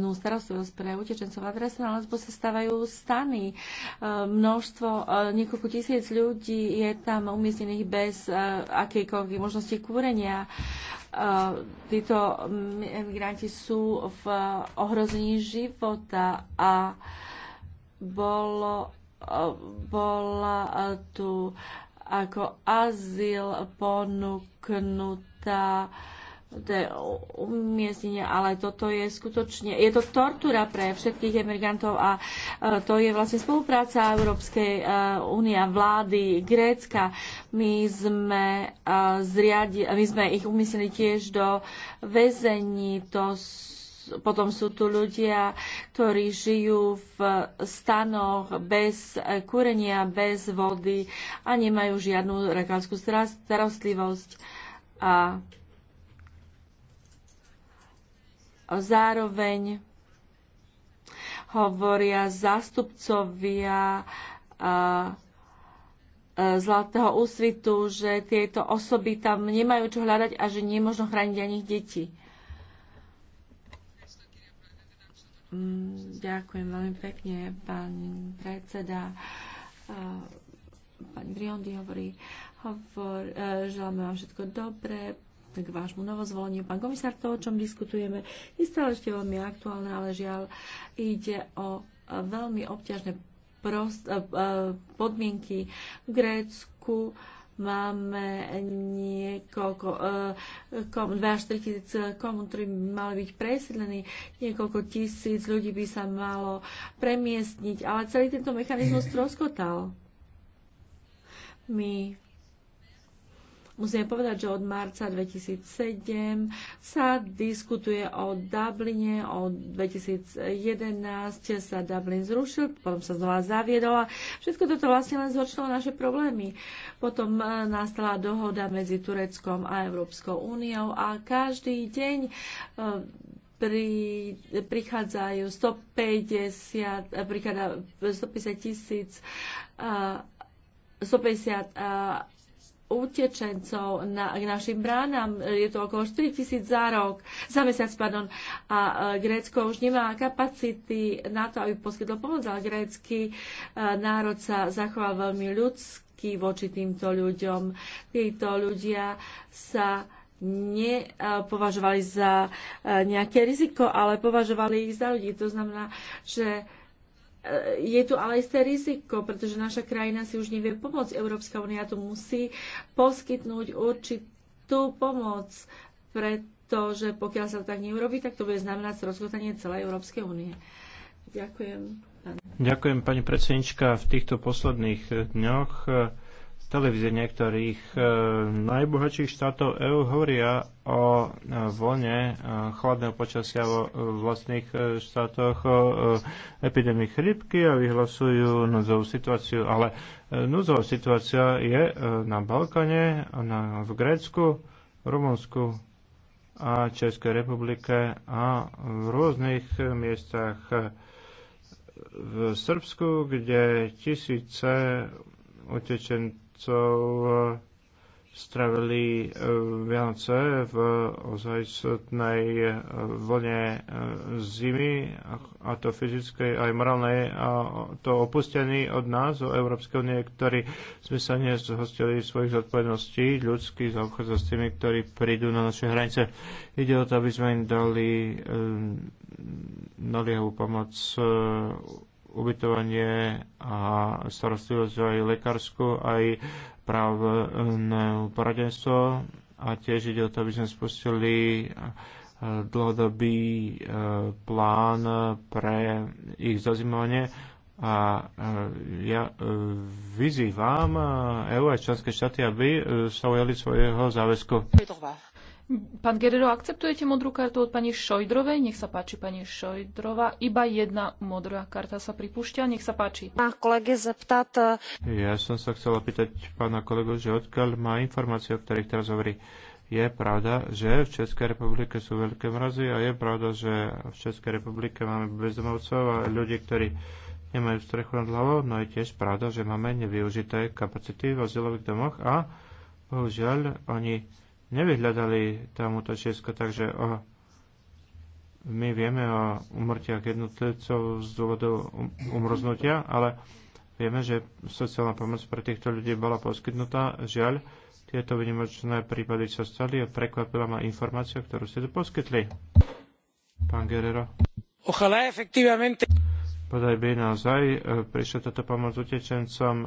Speaker 3: no, starostlivosť pre utečencov adresa teraz na lesbo sa stávajú stany. Množstvo, niekoľko tisíc ľudí je tam umiestnených bez akejkoľvek možnosti kúrenia Eh, títo emigranti sú v ohrození života a bolo, eh, bola tu ako azyl ponúknutá to je umiestnenie, ale toto je skutočne, je to tortura pre všetkých emigrantov a e, to je vlastne spolupráca Európskej e, únia, vlády, Grécka. My sme, e, zriadi, my sme ich umiestnili tiež do väzení, to potom sú tu ľudia, ktorí žijú v stanoch bez kúrenia, bez vody a nemajú žiadnu lekárskú starostlivosť. A Zároveň hovoria zástupcovia Zlatého úsvitu, že tieto osoby tam nemajú čo hľadať a že nie je možno chrániť ani ich deti. Mm, ďakujem veľmi pekne, pán predseda. Pani Briondi hovorí, hovor, e, želáme vám všetko dobré, k vášmu novozvoleniu. Pán komisár, to, o čom diskutujeme, je stále ešte veľmi aktuálne, ale žiaľ ide o e, veľmi obťažné e, e, podmienky v Grécku, máme niekoľko, kom, 2 až 3 tisíc komun, ktorí by mali byť presídlení, niekoľko tisíc ľudí by sa malo premiestniť, ale celý tento mechanizmus troskotal. My Musím povedať, že od marca 2007 sa diskutuje o Dubline, od 2011 sa Dublin zrušil, potom sa znova zaviedol a všetko toto vlastne len zhoršilo naše problémy. Potom e, nastala dohoda medzi Tureckom a Európskou úniou a každý deň e, pri, prichádzajú 150, e, prichádza 150 tisíc 150 utečencov na, k našim bránam. Je to okolo 4 tisíc za rok, za mesiac, pardon. A e, Grécko už nemá kapacity na to, aby poskytlo pomoc, ale grécky e, národ sa zachová veľmi ľudský voči týmto ľuďom. Títo ľudia sa nepovažovali e, za nejaké riziko, ale považovali ich za ľudí. To znamená, že E, je tu ale isté riziko, pretože naša krajina si už nevie pomôcť. Európska únia tu musí poskytnúť určitú pomoc, pretože pokiaľ sa to tak neurobi, tak to bude znamenáť rozhodanie celej Európskej únie. Ďakujem.
Speaker 2: Ďakujem, pani predsednička. V týchto posledných dňoch e, televízie niektorých e, najbohatších štátov EÚ hovoria o e, vlne e, chladného počasia vo e, vlastných e, štátoch, o e, epidémii chrypky a vyhlasujú núdzovú situáciu. Ale e, núdzová situácia je e, na Balkáne, na, v Grécku, Rumunsku a Českej republike a v rôznych miestach e, v Srbsku, kde tisíce utečencov Nemcov eh, stravili eh, Vianoce v ozajstnej eh, vlne zimy, a to fyzickej aj morálnej, a to opustení od nás, o Európskej únie, ktorí sme sa nezhostili svojich zodpovedností ľudských obchod s tými, ktorí prídu na naše hranice. Ide o to, aby sme im dali um, naliehavú pomoc uh, ubytovanie a starostlivosť aj lekársku, aj právne poradenstvo a tiež ide o to, aby sme spustili eh, dlhodobý eh, plán pre ich zazimovanie a eh, ja vyzývam EU a členské štáty, aby sa ujali svojho záväzku.
Speaker 1: Pán Guerrero, akceptujete modrú kartu od pani Šojdrovej? Nech sa páči, pani Šojdrova. Iba jedna modrá karta sa pripúšťa. Nech sa páči. Pán kolege, zeptat...
Speaker 2: E, ja som sa chcela pýtať pána kolegu, že odkiaľ má informácie, o ktorých teraz hovorí. Je pravda, že v Českej republike sú veľké mrazy a je pravda, že v Českej republike máme bezdomovcov a ľudí, ktorí nemajú strechu nad hlavou, no je tiež pravda, že máme nevyužité kapacity v azylových domoch a bohužiaľ oni nevyhľadali tam útočisko, takže o, my vieme o umrtiach jednotlivcov z dôvodu um-, umrznutia, ale vieme, že sociálna pomoc pre týchto ľudí bola poskytnutá. Žiaľ, tieto vynimočné prípady sa stali a prekvapila ma informácia, ktorú ste tu poskytli. Pán Guerrero. Ochala, efektívne. Podaj by naozaj e, prišla táto pomoc utečencom e,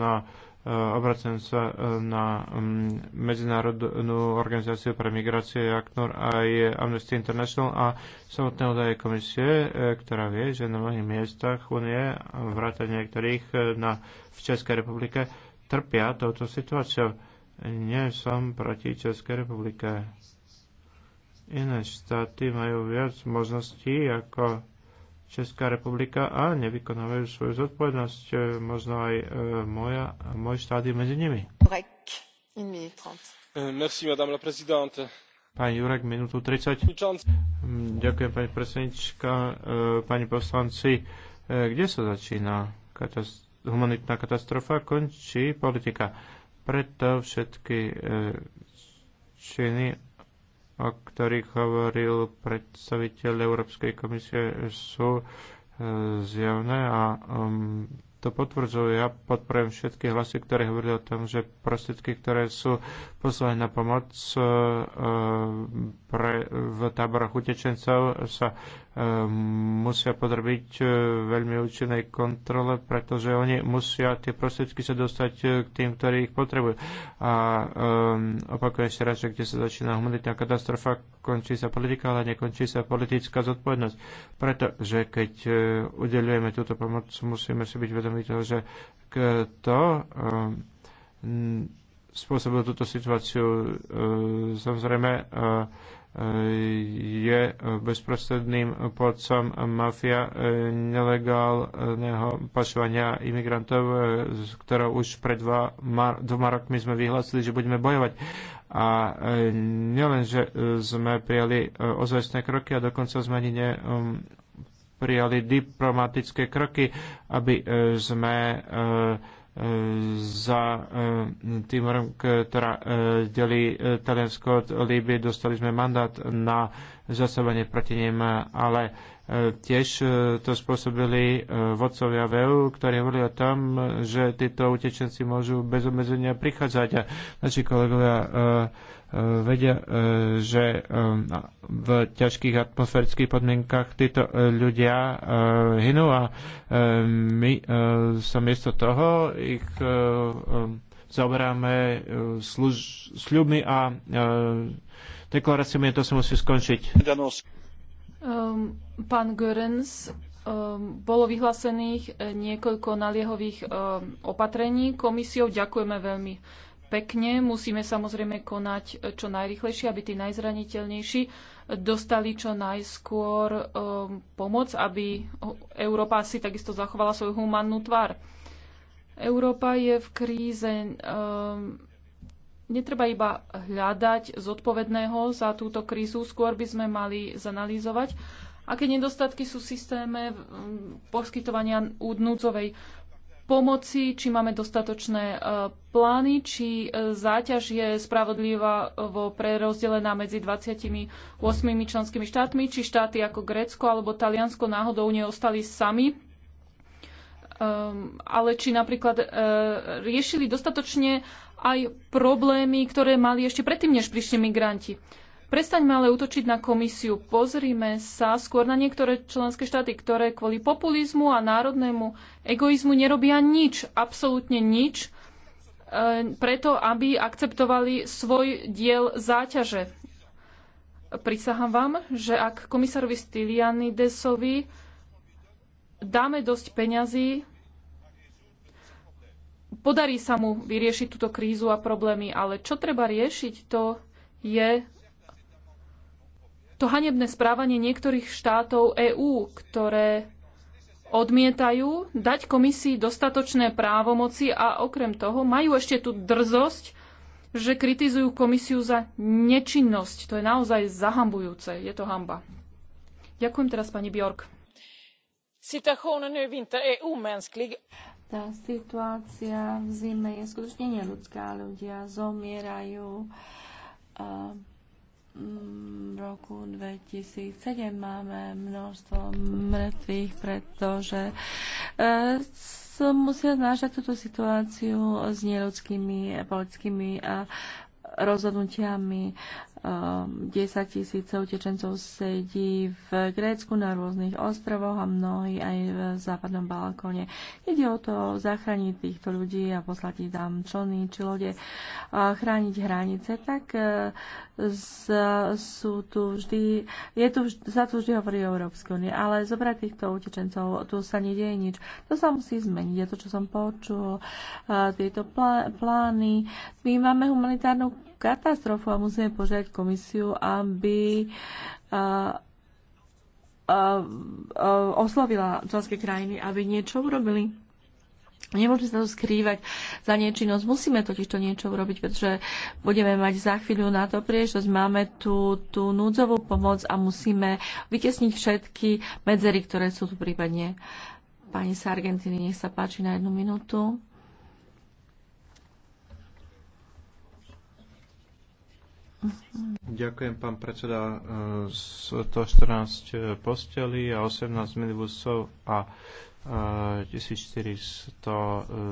Speaker 2: na Eh, obracujem sa eh, na mm, Medzinárodnú organizáciu pre migrácie ACNUR a je Amnesty International a samotné údaje komisie, eh, ktorá vie, že na mnohých miestach Unie, vrátane niektorých na, v Českej republike, trpia touto situáciou. Nie som proti Českej republike. Iné štáty majú viac možností ako Česká republika a nevykonávajú svoju zodpovednosť, e, možno aj e, moja, môj štát je medzi nimi. E, merci, madame la présidente. Pán Jurek, minútu 30. Mm, ďakujem, pani predsednička. Pani poslanci, kde sa začína katast- humanitná katastrofa, končí politika. Preto všetky činy o ktorých hovoril predstaviteľ Európskej komisie, sú e, zjavné a um, to potvrdzujú. Ja podporujem všetky hlasy, ktoré hovorili o tom, že prostriedky, ktoré sú poslané na pomoc e, e, pre, v táboroch utečencov, sa Ehm, musia podrobiť e, veľmi účinnej kontrole, pretože oni musia tie prostriedky sa dostať e, k tým, ktorí ich potrebujú. A um, opakujem ešte raz, že kde sa začína humanitárna katastrofa, končí sa politika, ale nekončí sa politická zodpovednosť. Pretože keď e, udelujeme túto pomoc, musíme si byť vedomi toho, že kto um, ehm, spôsobilo túto situáciu. Samozrejme, je bezprostredným podcom mafia e, nelegálneho pašovania imigrantov, z e, ktorou už pred dva, dvoma rokmi sme vyhlásili, že budeme bojovať. A e, nielen, že sme prijali ozajstné kroky a dokonca sme ani ne, um, prijali diplomatické kroky, aby sme za e, Timorom, ktorá e, delí e, Taliansko od Líbie. Dostali sme mandát na zasobanie proti nim, ale tiež to spôsobili vodcovia VEU, ktorí hovorili o tom, že títo utečenci môžu bez obmedzenia prichádzať. naši kolegovia E, vedia, e, že e, v ťažkých atmosférických podmienkach títo ľudia hynú a my sa miesto toho ich zaoberáme služ- sľubmi a deklaráciami, to sa musí skončiť.
Speaker 1: Um, pán Görens, ehm, bolo vyhlásených niekoľko naliehových ehm, opatrení komisiou. Ďakujeme veľmi pekne. Musíme samozrejme konať eh, čo najrychlejšie, aby tí najzraniteľnejší dostali čo najskôr ehm, pomoc, aby Európa si takisto zachovala svoju humannú tvár. Európa je v kríze. Ehm, netreba iba hľadať zodpovedného za túto krízu, skôr by sme mali zanalýzovať, aké nedostatky sú v systéme poskytovania údnúcovej pomoci, či máme dostatočné e, plány, či e, záťaž je spravodlivá e, vo prerozdelená medzi 28 členskými štátmi, či štáty ako Grécko alebo Taliansko náhodou neostali sami, ehm, ale či napríklad riešili dostatočne aj problémy, ktoré mali ešte predtým, než prišli migranti. Prestaňme ale útočiť na komisiu. Pozrime sa skôr na niektoré členské štáty, ktoré kvôli populizmu a národnému egoizmu nerobia nič, absolútne nič, e, preto, aby akceptovali svoj diel záťaže. Prisahám vám, že ak komisárovi Desovi dáme dosť peňazí, podarí sa mu vyriešiť túto krízu a problémy, ale čo treba riešiť, to je to hanebné správanie niektorých štátov EÚ, ktoré odmietajú dať komisii dostatočné právomoci a okrem toho majú ešte tú drzosť, že kritizujú komisiu za nečinnosť. To je naozaj zahambujúce. Je to hamba. Ďakujem teraz pani Bjork.
Speaker 3: Tá situácia v zime je skutočne neľudská. Ľudia zomierajú. Uh Mm, v roku 2007 máme množstvo mŕtvych, pretože e, musia znášať túto situáciu s neľudskými politickými rozhodnutiami. 10 tisíce utečencov sedí v Grécku na rôznych ostrovoch a mnohí aj v západnom balkóne. Ide o to zachrániť týchto ľudí a poslať ich tam člny či lode a chrániť hranice. Tak e, z, sú tu vždy, je tu, sa tu vždy hovorí o Európskej únie, ale zobrať týchto utečencov, tu sa nedieje nič. To sa musí zmeniť. Je to, čo som počul, e, tieto plány. My máme humanitárnu katastrofu a musíme požiadať komisiu, aby oslovila členské krajiny, aby niečo urobili. Nemôžeme sa to skrývať za niečinnosť. Musíme totiž to niečo urobiť, pretože budeme mať za chvíľu na to príležitosť. Máme tú tú núdzovú pomoc a musíme vytesniť všetky medzery, ktoré sú tu prípadne. Pani Sargentini, nech sa páči na jednu minútu.
Speaker 2: Ďakujem, pán predseda. 114 posteli a 18 minibusov a 1400 e,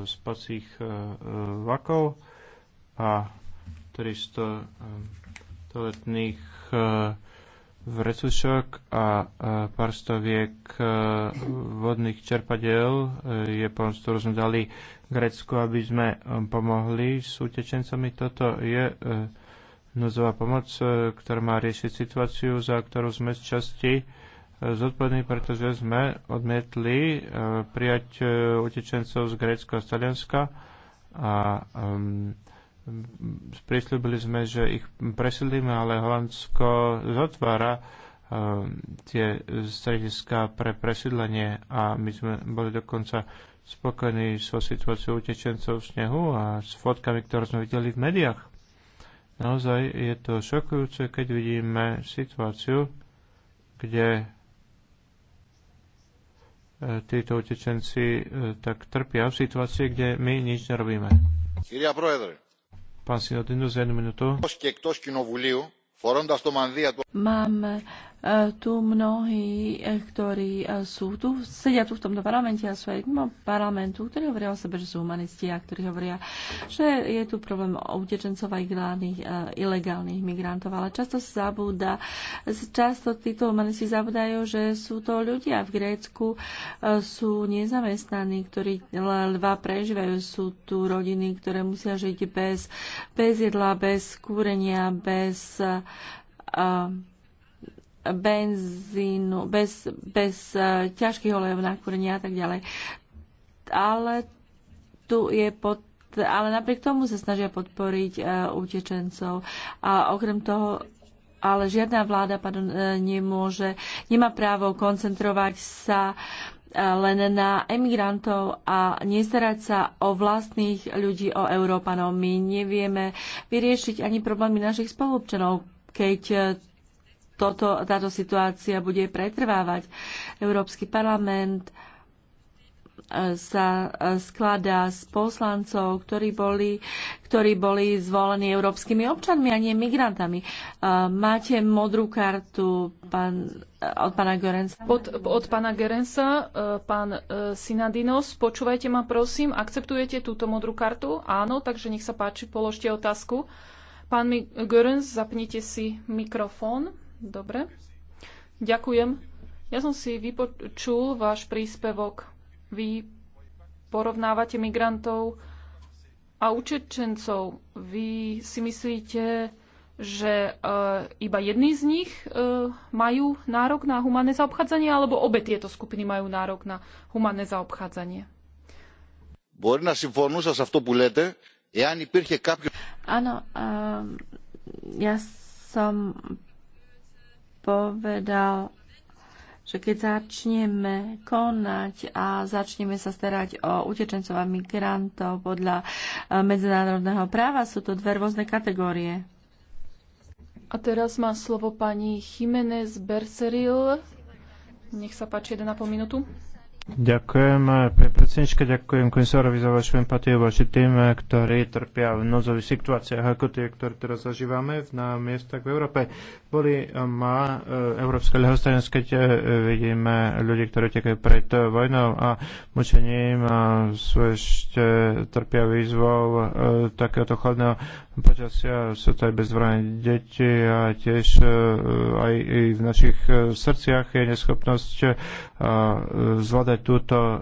Speaker 2: spacích e, vakov a 300 e, toaletných vrecušok a pár stoviek vodných čerpadiel je pomoc, ktorú sme dali Grécku, aby sme pomohli s utečencami. Toto je núzová pomoc, e, ktorá má riešiť situáciu, za ktorú sme z časti e, zodpovední, pretože sme odmietli e, prijať utečencov z Grécka a z Talianska a prislúbili sme, že ich presilíme, ale Holandsko zotvára tie strediska pre presídlenie a my sme boli dokonca spokojní so situáciou utečencov v snehu a s fotkami, ktoré sme videli v médiách. Naozaj je to šokujúce, keď vidíme situáciu, kde e, títo utečenci e, tak trpia v situácii, kde my nič nerobíme. Pán Sinodinus, jednu minútu.
Speaker 3: Mám E, tu mnohí, e, ktorí e, sú tu, sedia tu v tomto parlamente a sú aj mimo parlamentu, ktorí hovoria o sebe, že sú humanisti a ktorí hovoria, že je tu problém utečencov a ilegálnych, ilegálnych migrantov, ale často sa zabúda, často títo humanisti zabúdajú, že sú to ľudia v Grécku, sú nezamestnaní, ktorí lva prežívajú, sú tu rodiny, ktoré musia žiť bez, bez jedla, bez kúrenia, bez uh, benzínu, bez, bez eh, ťažkých olejov na kúrenie a tak ďalej. Ale tu je pod ale napriek tomu sa snažia podporiť uh, utečencov. A okrem toho, ale žiadna vláda pardon, eh, nemôže, nemá právo koncentrovať sa len na emigrantov a nestarať sa o vlastných ľudí, o Európanov. My nevieme vyriešiť ani problémy našich spolupčanov, keď toto, táto situácia bude pretrvávať. Európsky parlament e, sa e, skladá z poslancov, ktorí boli, ktorí boli zvolení európskymi občanmi a nie migrantami. E, máte modrú kartu pán, od pána Gerensa? Od, od pána
Speaker 1: Gerensa, pán Sinadinos, počúvajte ma prosím, akceptujete túto modrú kartu? Áno, takže nech sa páči, položte otázku. Pán Görens, zapnite si mikrofón. Dobre. Ďakujem. Ja som si vypočul váš príspevok. Vy porovnávate migrantov a učečencov. Vy si myslíte, že eh, iba jedni z nich eh, majú nárok na humanné zaobchádzanie, alebo obe tieto skupiny majú nárok na humanné zaobchádzanie?
Speaker 3: Áno, ja som povedal, že keď začneme konať a začneme sa starať o utečencov a migrantov podľa e, medzinárodného práva, sú to dve rôzne kategórie. A teraz
Speaker 1: má slovo pani Jiménez Berceril. Nech sa páči, jeden na pol minútu.
Speaker 2: Ďakujem, pani predsednička, ďakujem komisárovi za vašu empatiu voči tým, ktorí trpia v nozových situáciách, ako tie, ktoré teraz zažívame na miestach v Európe. Boli má e, európska ľahostajnosť, keď e, vidíme ľudí, ktorí tekajú pred vojnou a mučením a sú ešte trpia výzvou e, takéhoto chladného počasia. Sú to aj bezvrané deti a tiež aj v našich srdciach je neschopnosť zvládať túto e,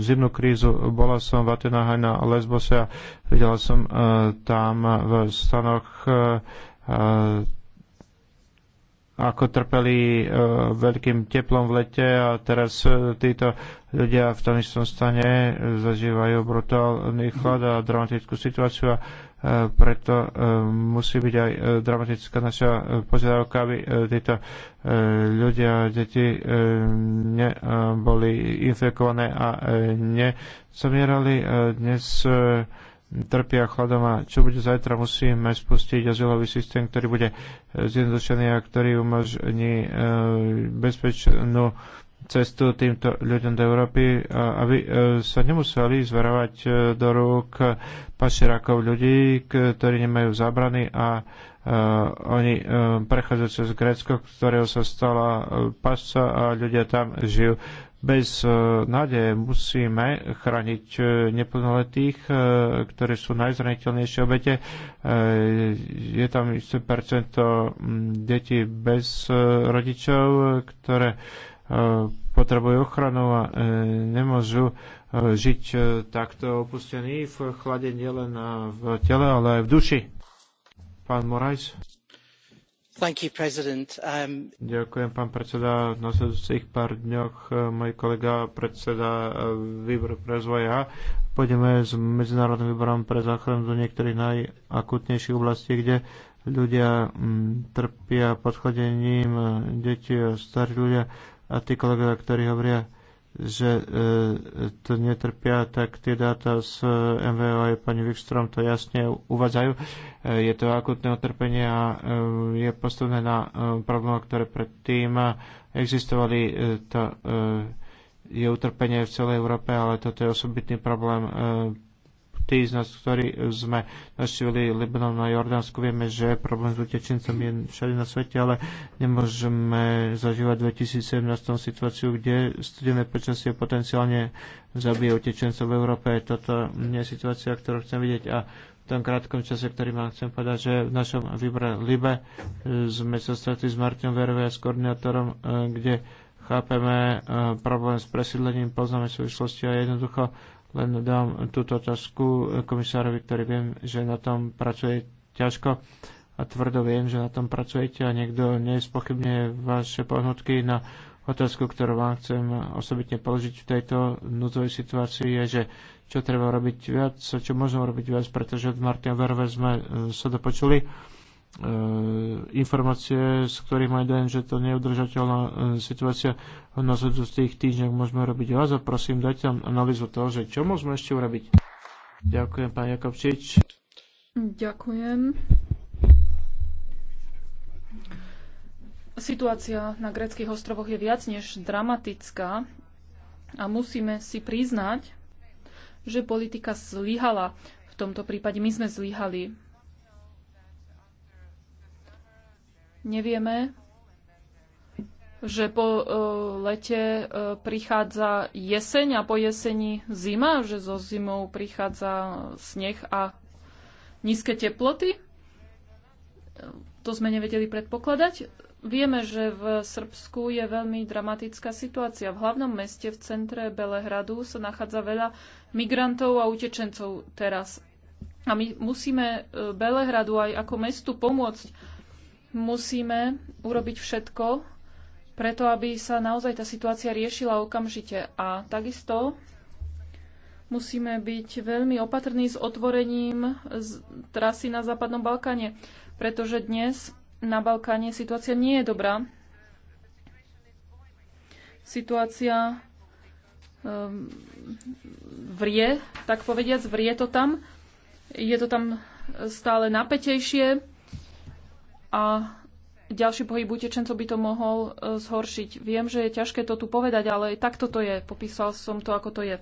Speaker 2: zimnú krízu. Bola som v Atenách aj na Lesbose a videla som e, tam v stanoch e, ako trpeli e, veľkým teplom v lete a teraz e, títo ľudia v tom istom stane zažívajú brutálny chlad a dramatickú situáciu a E, preto e, musí byť aj e, dramatická naša požiadavka, aby títo ľudia, deti neboli infekované a nezomierali. Dnes trpia chladom a čo bude zajtra, musíme spustiť azylový systém, ktorý bude zjednodušený a ktorý umožní bezpečnú cestu týmto ľuďom do Európy, aby e, sa nemuseli zverovať e, do rúk pašerákov ľudí, ktorí nemajú zábrany a e, oni prechádzajú cez Grécko, ktorého sa stala pasca a ľudia tam žijú. Bez nádeje musíme chrániť neplnoletých, ktorí sú najzraniteľnejšie obete. Je tam isté percento detí bez rodičov, ktoré potrebujú ochranu a e, nemôžu e, žiť e, takto opustení v chlade nielen v tele, ale aj v duši. Pán Morajs. You, um... Ďakujem, pán predseda. V nasledujúcich pár dňoch môj kolega, predseda výboru pre rozvoj pôjdeme s Medzinárodným výborom pre záchranu do niektorých najakutnejších oblastí, kde ľudia trpia podchodením, deti a starí ľudia a tí kolegovia, ktorí hovoria, že e, to netrpia, tak tie dáta z e, MVO aj pani Wikström to jasne uvádzajú. E, je to akutné utrpenie a e, je postavené na e, problémy, ktoré predtým e, existovali. E, to, e, je utrpenie v celej Európe, ale toto je osobitný problém e, tí z nás, ktorí sme naštívili Libanon a Jordánsku, vieme, že problém s utečencom je všade na svete, ale nemôžeme zažívať v 2017 situáciu, kde studené počasie potenciálne zabije utečencov v Európe. Toto nie je situácia, ktorú chcem vidieť a v tom krátkom čase, ktorý mám chcem povedať, že v našom výbore LIBE e, sme sa stretli s Martinom Verve a s koordinátorom, e, kde chápeme e, problém s presídlením, poznáme súvislosti a jednoducho len dám túto otázku komisárovi, ktorý viem, že na tom pracuje ťažko a tvrdo viem, že na tom pracujete a niekto nespochybne vaše pohnutky na otázku, ktorú vám chcem osobitne položiť v tejto núdzovej situácii je, že čo treba robiť viac, čo môžeme robiť viac, pretože od Martina Verve sme eh, sa dopočuli, E, informácie, z ktorých má jeden, že to nie je udržateľná e, situácia. V nasledujúcich týždňoch môžeme robiť vás a prosím, dajte nám analýzu toho, že čo môžeme ešte urobiť. Ďakujem, pán Jakobčič.
Speaker 1: Ďakujem. Situácia na greckých ostrovoch je viac než dramatická a musíme si priznať, že politika zlyhala. V tomto prípade my sme zlyhali Nevieme, že po uh, lete uh, prichádza jeseň a po jeseni zima, že zo zimou prichádza sneh a nízke teploty. To sme nevedeli predpokladať. Vieme, že v Srbsku je veľmi dramatická situácia. V hlavnom meste v centre Belehradu sa nachádza veľa migrantov a utečencov teraz. A my musíme e, Belehradu aj ako mestu pomôcť musíme urobiť všetko, preto aby sa naozaj tá situácia riešila okamžite. A takisto musíme byť veľmi opatrní s otvorením z trasy na Západnom Balkáne, pretože dnes na Balkáne situácia nie je dobrá. Situácia um, vrie, tak povediac, vrie to tam. Je to tam stále napätejšie a ďalší pohyb utečencov by to mohol e, zhoršiť. Viem, že je ťažké to tu povedať, ale takto to je. Popísal som to, ako to je.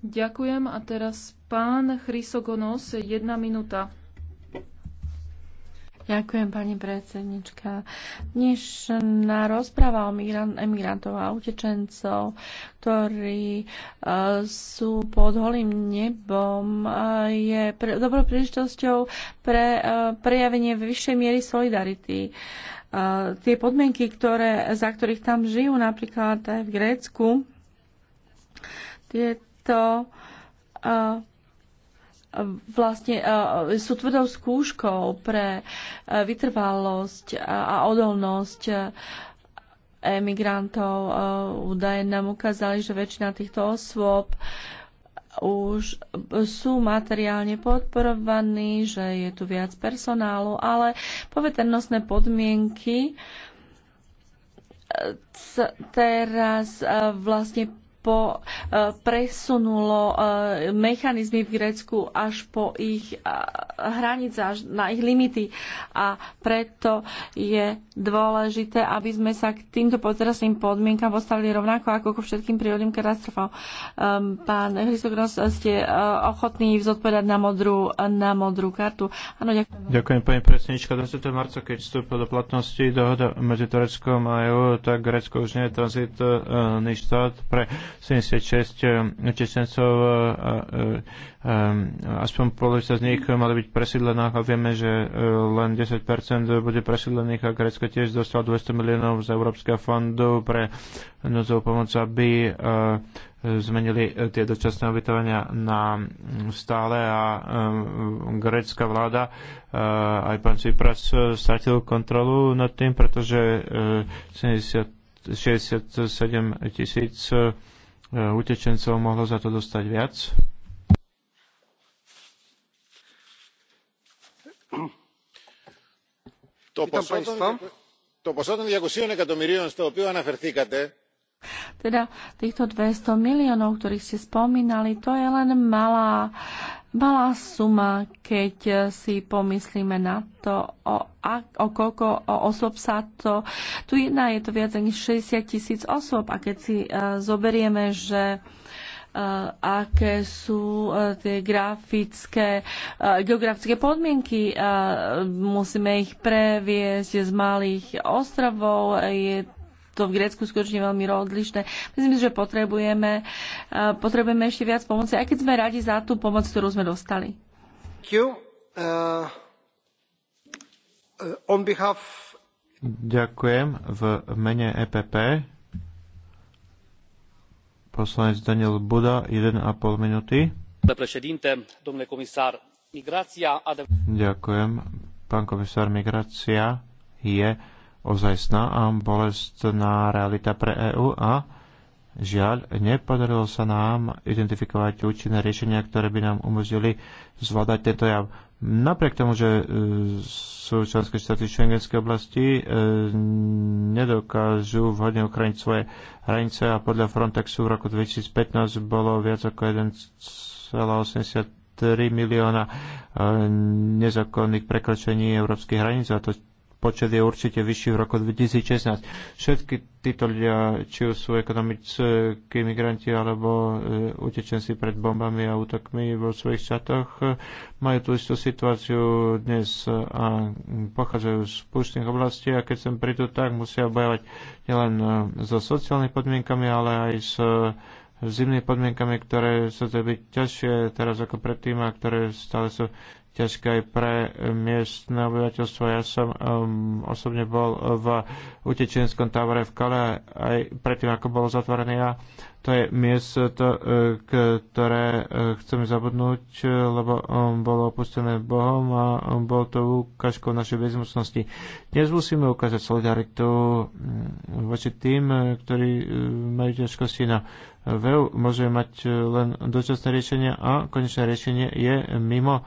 Speaker 1: Ďakujem a teraz pán Chrysogonos,
Speaker 3: jedna minúta. Ďakujem, pani predsednička. Dnešná rozpráva o emigrantov a utečencov, ktorí e, sú pod holým nebom, e, je dobrou príležitosťou pre e, prejavenie vyššej miery solidarity. tie podmienky, ktoré, za ktorých tam žijú, napríklad aj v Grécku, tieto vlastne e, sú tvrdou skúškou pre e, vytrvalosť a odolnosť e, emigrantov. Údaje nám ukázali, že väčšina týchto osôb už sú materiálne podporovaní, že je tu viac personálu, ale poveternostné podmienky teraz vlastne po, eh, presunulo eh, mechanizmy v Grécku až po ich eh, hranice, až na ich limity. A preto je dôležité, aby sme sa k týmto potresným podmienkam postavili rovnako ako ku všetkým prírodným katastrofám. Ehm, pán Hristokros, ste ochotní zodpovedať na modrú, na modrú kartu. Áno, ďakujem.
Speaker 2: Ďakujem, pani predsednička. 20. marca, keď vstúpil do platnosti dohoda medzi Tureckom a EU, tak Grécko už nie je tranzitný štát pre 76 eh, utečencov, eh, eh, aspoň polovica z nich mali byť presídlená a vieme, že len 10% bude presídlených a Grécko tiež dostalo 200 miliónov z Európskeho fondu pre nocovú pomoc, aby zmenili tie dočasné obytovania na mm, stále a grécka vláda aj pán Cipras stratil kontrolu nad tým, pretože 70, 67 tisíc E, utečencov mohlo za to dostať viac? To posodom, to posodom z toho στο οποίο αναφερθήκατε
Speaker 3: teda týchto 200 miliónov, ktorých ste spomínali, to je len malá malá suma, keď eh, si pomyslíme na to, o, o koľko o osob sa to... Tu jedna je to viac než 60 tisíc osob a keď si uh, zoberieme, že Uh, aké sú uh, tie grafické, uh, geografické podmienky. Musíme ich previesť z malých ostrovov. Je to v Grécku skutočne veľmi rozlišné. Myslím si, že potrebujeme, potrebujeme ešte viac pomoci, aj keď sme radi za tú pomoc, ktorú sme dostali.
Speaker 2: Uh, uh, Ďakujem. V mene EPP poslanec Daniel Buda, 1,5 minúty. Ďakujem. Pán komisár, migrácia je ozajstná a bolestná realita pre EÚ a žiaľ, nepodarilo sa nám identifikovať účinné riešenia, ktoré by nám umožnili zvládať tento jav. Napriek tomu, že e, sú členské štáty šengenskej oblasti, e, nedokážu vhodne ochrániť svoje hranice a podľa Frontexu v roku 2015 bolo viac ako 1,83 milióna e, nezákonných prekročení európskych hraníc a to počet je určite vyšší v roku 2016. Všetky títo ľudia, či už sú ekonomickí migranti alebo e, utečenci pred bombami a útokmi vo svojich štátoch, majú tú istú situáciu dnes a pochádzajú z púštnych oblastí a keď sem prídu, tak musia bojovať nielen e, so sociálnymi podmienkami, ale aj s zimnými e, podmienkami, ktoré sa to byť ťažšie teraz ako predtým a ktoré stále sú ťažké aj pre eh, miestne obyvateľstvo. Ja som um, osobne bol v utečenskom tábore v Kale aj predtým, ako bolo zatvorené. A to je miesto, eh, ktoré eh, chceme zabudnúť, lebo ehm, bolo opustené Bohom a ehm, bol to ukážkou našej bezmocnosti. Dnes musíme ukázať solidaritu mm, voči tým, ktorí majú ťažkosti na VEU. Môžeme mať len dočasné riešenie a konečné riešenie je mimo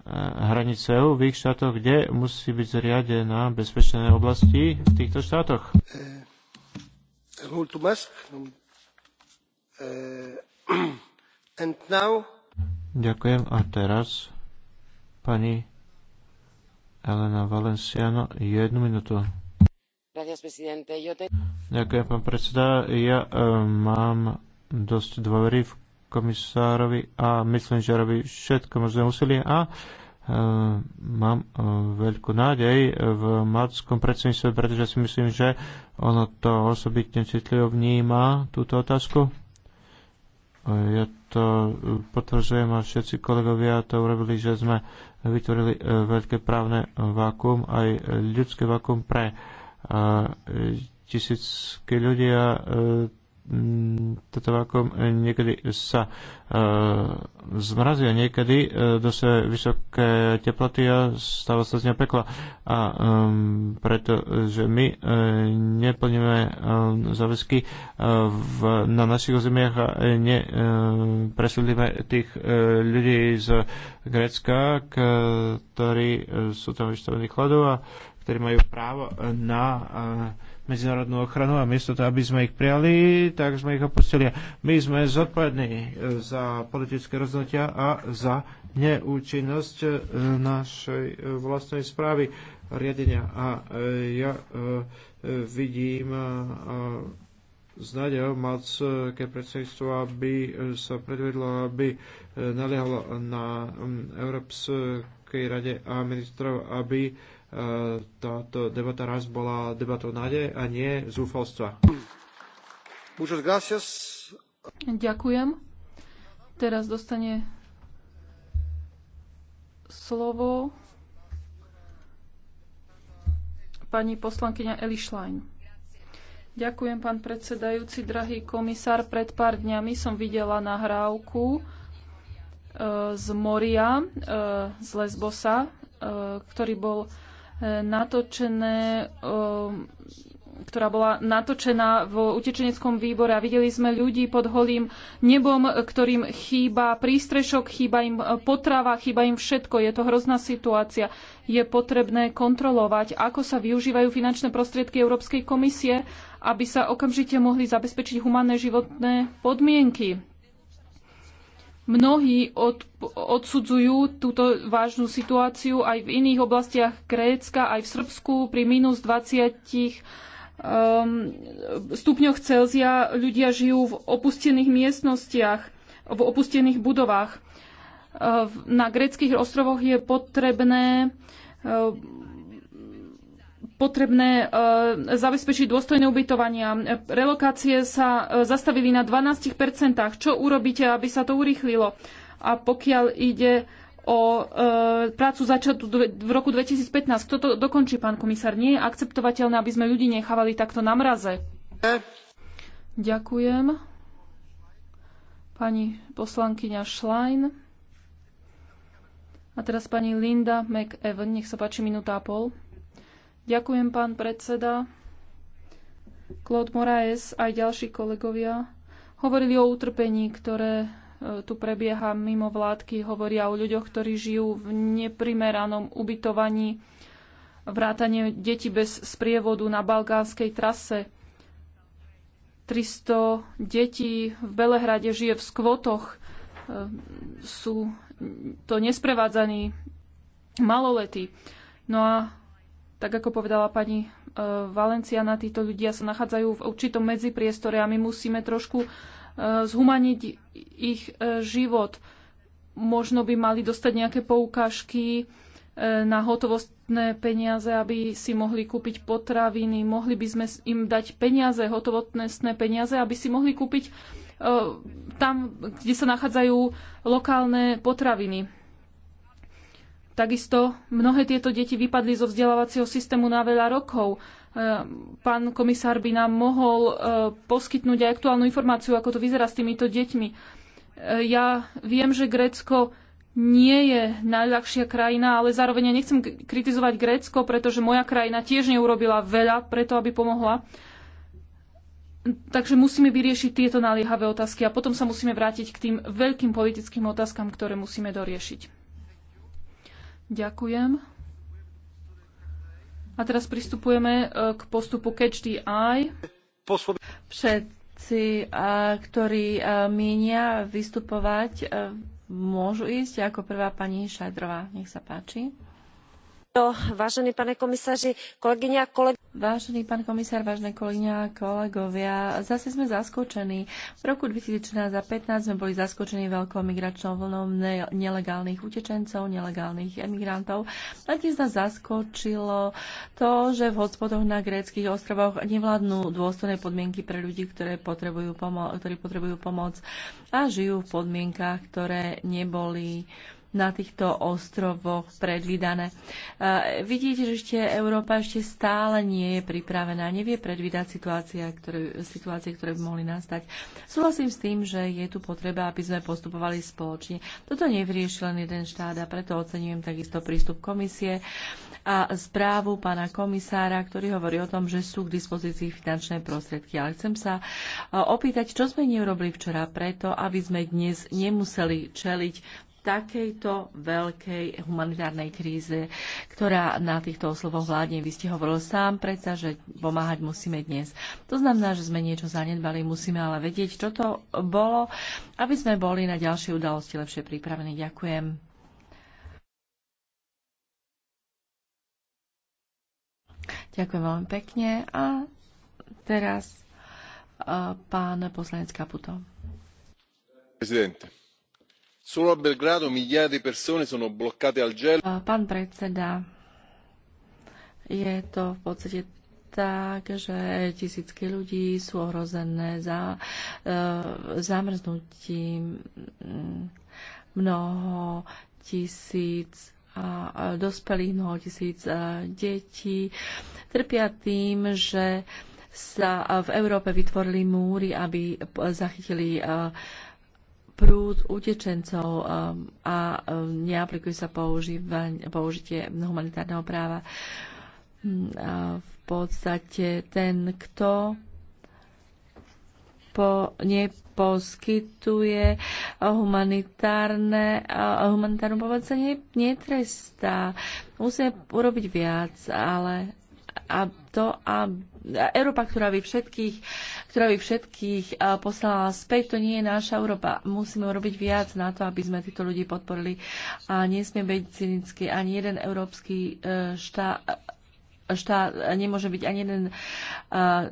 Speaker 2: Eh, hranice EU v ich štátoch, kde musí byť zriadená bezpečné oblasti v týchto štátoch? Eh, eh, Ďakujem. A teraz pani Elena Valenciano, jednu minútu. Ďakujem, pán predseda. Ja um, mám dosť dôvery v komisárovi a myslím, že robí všetko možné úsilie a e, mám e, veľkú nádej v maltskom predsedníctve, pretože si myslím, že ono to osobitne citlivo vníma túto otázku. E, ja to potvrdzujem a všetci kolegovia to urobili, že sme vytvorili veľké právne vákum, aj ľudské vákum pre tisícky ľudí a Mm, toto vákuum e, niekedy sa e, zmrazí a niekedy e, dosť vysoké teploty a stáva sa z neho pekla. A e, ehm, pretože my e, neplníme e, záväzky e, v, na našich zemiach a e, nepresúdime e, tých e, ľudí z Grécka, ktorí e, sú tam vystavení chladu a ktorí majú právo na e, medzinárodnú ochranu a miesto toho, aby sme ich prijali, tak sme ich opustili. My sme zodpovední za politické rozhodnutia a za neúčinnosť e, našej e, vlastnej správy riadenia. A e, ja vidím s nádejou malcké predsedníctvo, aby sa predvedlo, aby naliehalo na Európskej rade a ministrov, aby E, táto debata raz bola debatou nádeje a nie zúfalstva.
Speaker 1: Ďakujem. Teraz dostane slovo pani poslankyňa Eli Schlein. Ďakujem, pán predsedajúci, drahý komisár. Pred pár dňami som videla nahrávku e, z moria, e, z Lesbosa, ktorý bol natočené, ktorá bola natočená v utečeneckom výbore a videli sme ľudí pod holým nebom, ktorým chýba prístrešok, chýba im e, potrava, chýba im všetko. Je to hrozná situácia. Je potrebné kontrolovať, ako sa využívajú finančné prostriedky Európskej komisie, aby sa okamžite mohli zabezpečiť humanné životné podmienky Mnohí od, odsudzujú túto vážnu situáciu aj v iných oblastiach Grécka, aj v Srbsku pri minus 20 um, stupňoch Celzia ľudia žijú v opustených miestnostiach, v opustených budovách. Uh, na greckých ostrovoch je potrebné uh, potrebné e, zabezpečiť dôstojné ubytovania. Relokácie sa e, zastavili na 12%. Čo urobíte, aby sa to urýchlilo? A pokiaľ ide o e, prácu začatú v roku 2015, kto to dokončí, pán komisár? Nie je akceptovateľné, aby sme ľudí nechávali takto na mraze. Ďakujem. Pani poslankyňa Schlein. A teraz pani Linda McEwen, nech sa páči minúta a pol. Ďakujem, pán predseda. Claude Moraes aj ďalší kolegovia hovorili o utrpení, ktoré e, tu prebieha mimo vládky, hovoria o ľuďoch, ktorí žijú v neprimeranom ubytovaní, vrátanie detí bez sprievodu na balkánskej trase. 300 detí v Belehrade žije v skvotoch. E, sú to nesprevádzaní maloletí. No a tak ako povedala pani e, Valenciana, títo ľudia sa nachádzajú v určitom medzipriestore a my musíme trošku e, zhumaniť ich e, život. Možno by mali dostať nejaké poukážky na hotovostné peniaze, aby si mohli kúpiť potraviny. Mohli by sme im dať peniaze, hotovostné peniaze, aby si mohli kúpiť tam, kde sa nachádzajú lokálne potraviny Takisto mnohé tieto deti vypadli zo vzdelávacieho systému na veľa rokov. E, pán komisár by nám mohol e, poskytnúť aj aktuálnu informáciu, ako to vyzerá s týmito deťmi. E, ja viem, že Grécko nie je najľahšia krajina, ale zároveň ja nechcem kritizovať Grécko, pretože moja krajina tiež neurobila veľa preto, aby pomohla. Takže musíme vyriešiť tieto naliehavé otázky a potom sa musíme vrátiť k tým veľkým politickým otázkam, ktoré musíme doriešiť. Ďakujem. A teraz pristupujeme e,
Speaker 3: k postupu Catch the Eye. Všetci, e, ktorí e, mienia vystupovať, môžu ísť ako prvá pani Šajdrová. Nech sa páči vážený kolegyne a kolegovia vážený pán komisár vážené kolegyne a kolegovia zase sme zaskočení v roku 2014 a fifteen sme boli zaskočení veľkou migračnou vlnou nelegálnych utečencov nelegálnych emigrantov a tiež nás zaskočilo to že v hotspotoch na gréckych ostrovoch nevládnu dôstojné podmienky pre ľudí ktoré potrebujú pomo- ktorí potrebujú pomoc a žijú v podmienkach ktoré neboli na týchto ostrovoch predvídané. E, vidíte, že ešte Európa ešte stále nie je pripravená, nevie predvídať situácie, ktoré, situácie, ktoré by mohli nastať. Súhlasím s tým, že je tu potreba, aby sme postupovali spoločne. Toto nevyrieši len jeden štát a preto oceňujem takisto prístup komisie a správu pána komisára, ktorý hovorí o tom, že sú k dispozícii finančné prostriedky. Ale chcem sa e, opýtať, čo sme neurobili včera preto, aby sme dnes nemuseli čeliť takejto veľkej humanitárnej kríze, ktorá na týchto oslovoch vládne. Vy ste hovoril sám predsa, že pomáhať musíme dnes. To znamená, že sme niečo zanedbali, musíme ale vedieť, čo to bolo, aby sme boli na ďalšie udalosti lepšie pripravení. Ďakujem. Ďakujem veľmi pekne. A teraz pán poslanec Kaputo.
Speaker 1: Prezident Solo a Belgrado migliaia di persone sono bloccate al gelo.
Speaker 3: Pán predseda, je to v podstate tak, že tisícky ľudí sú ohrozené za, e, zamrznutím mm, mnoho tisíc a, dospelých, mnoho tisíc e, detí. Trpia tým, že sa v Európe vytvorili múry, aby zachytili e, prúd utečencov um, a um, neaplikuje sa použitie humanitárneho práva. Hm, a v podstate ten, kto po, neposkytuje humanitárne, humanitárnu pomoc sa netrestá. Musíme urobiť viac, ale a to, a Európa, ktorá by všetkých, ktorá by všetkých poslala späť, to nie je naša Európa. Musíme urobiť viac na to, aby sme týchto ľudí podporili. A nesmie byť cynický ani jeden európsky štát, e, štát, e, nemôže byť ani jeden e,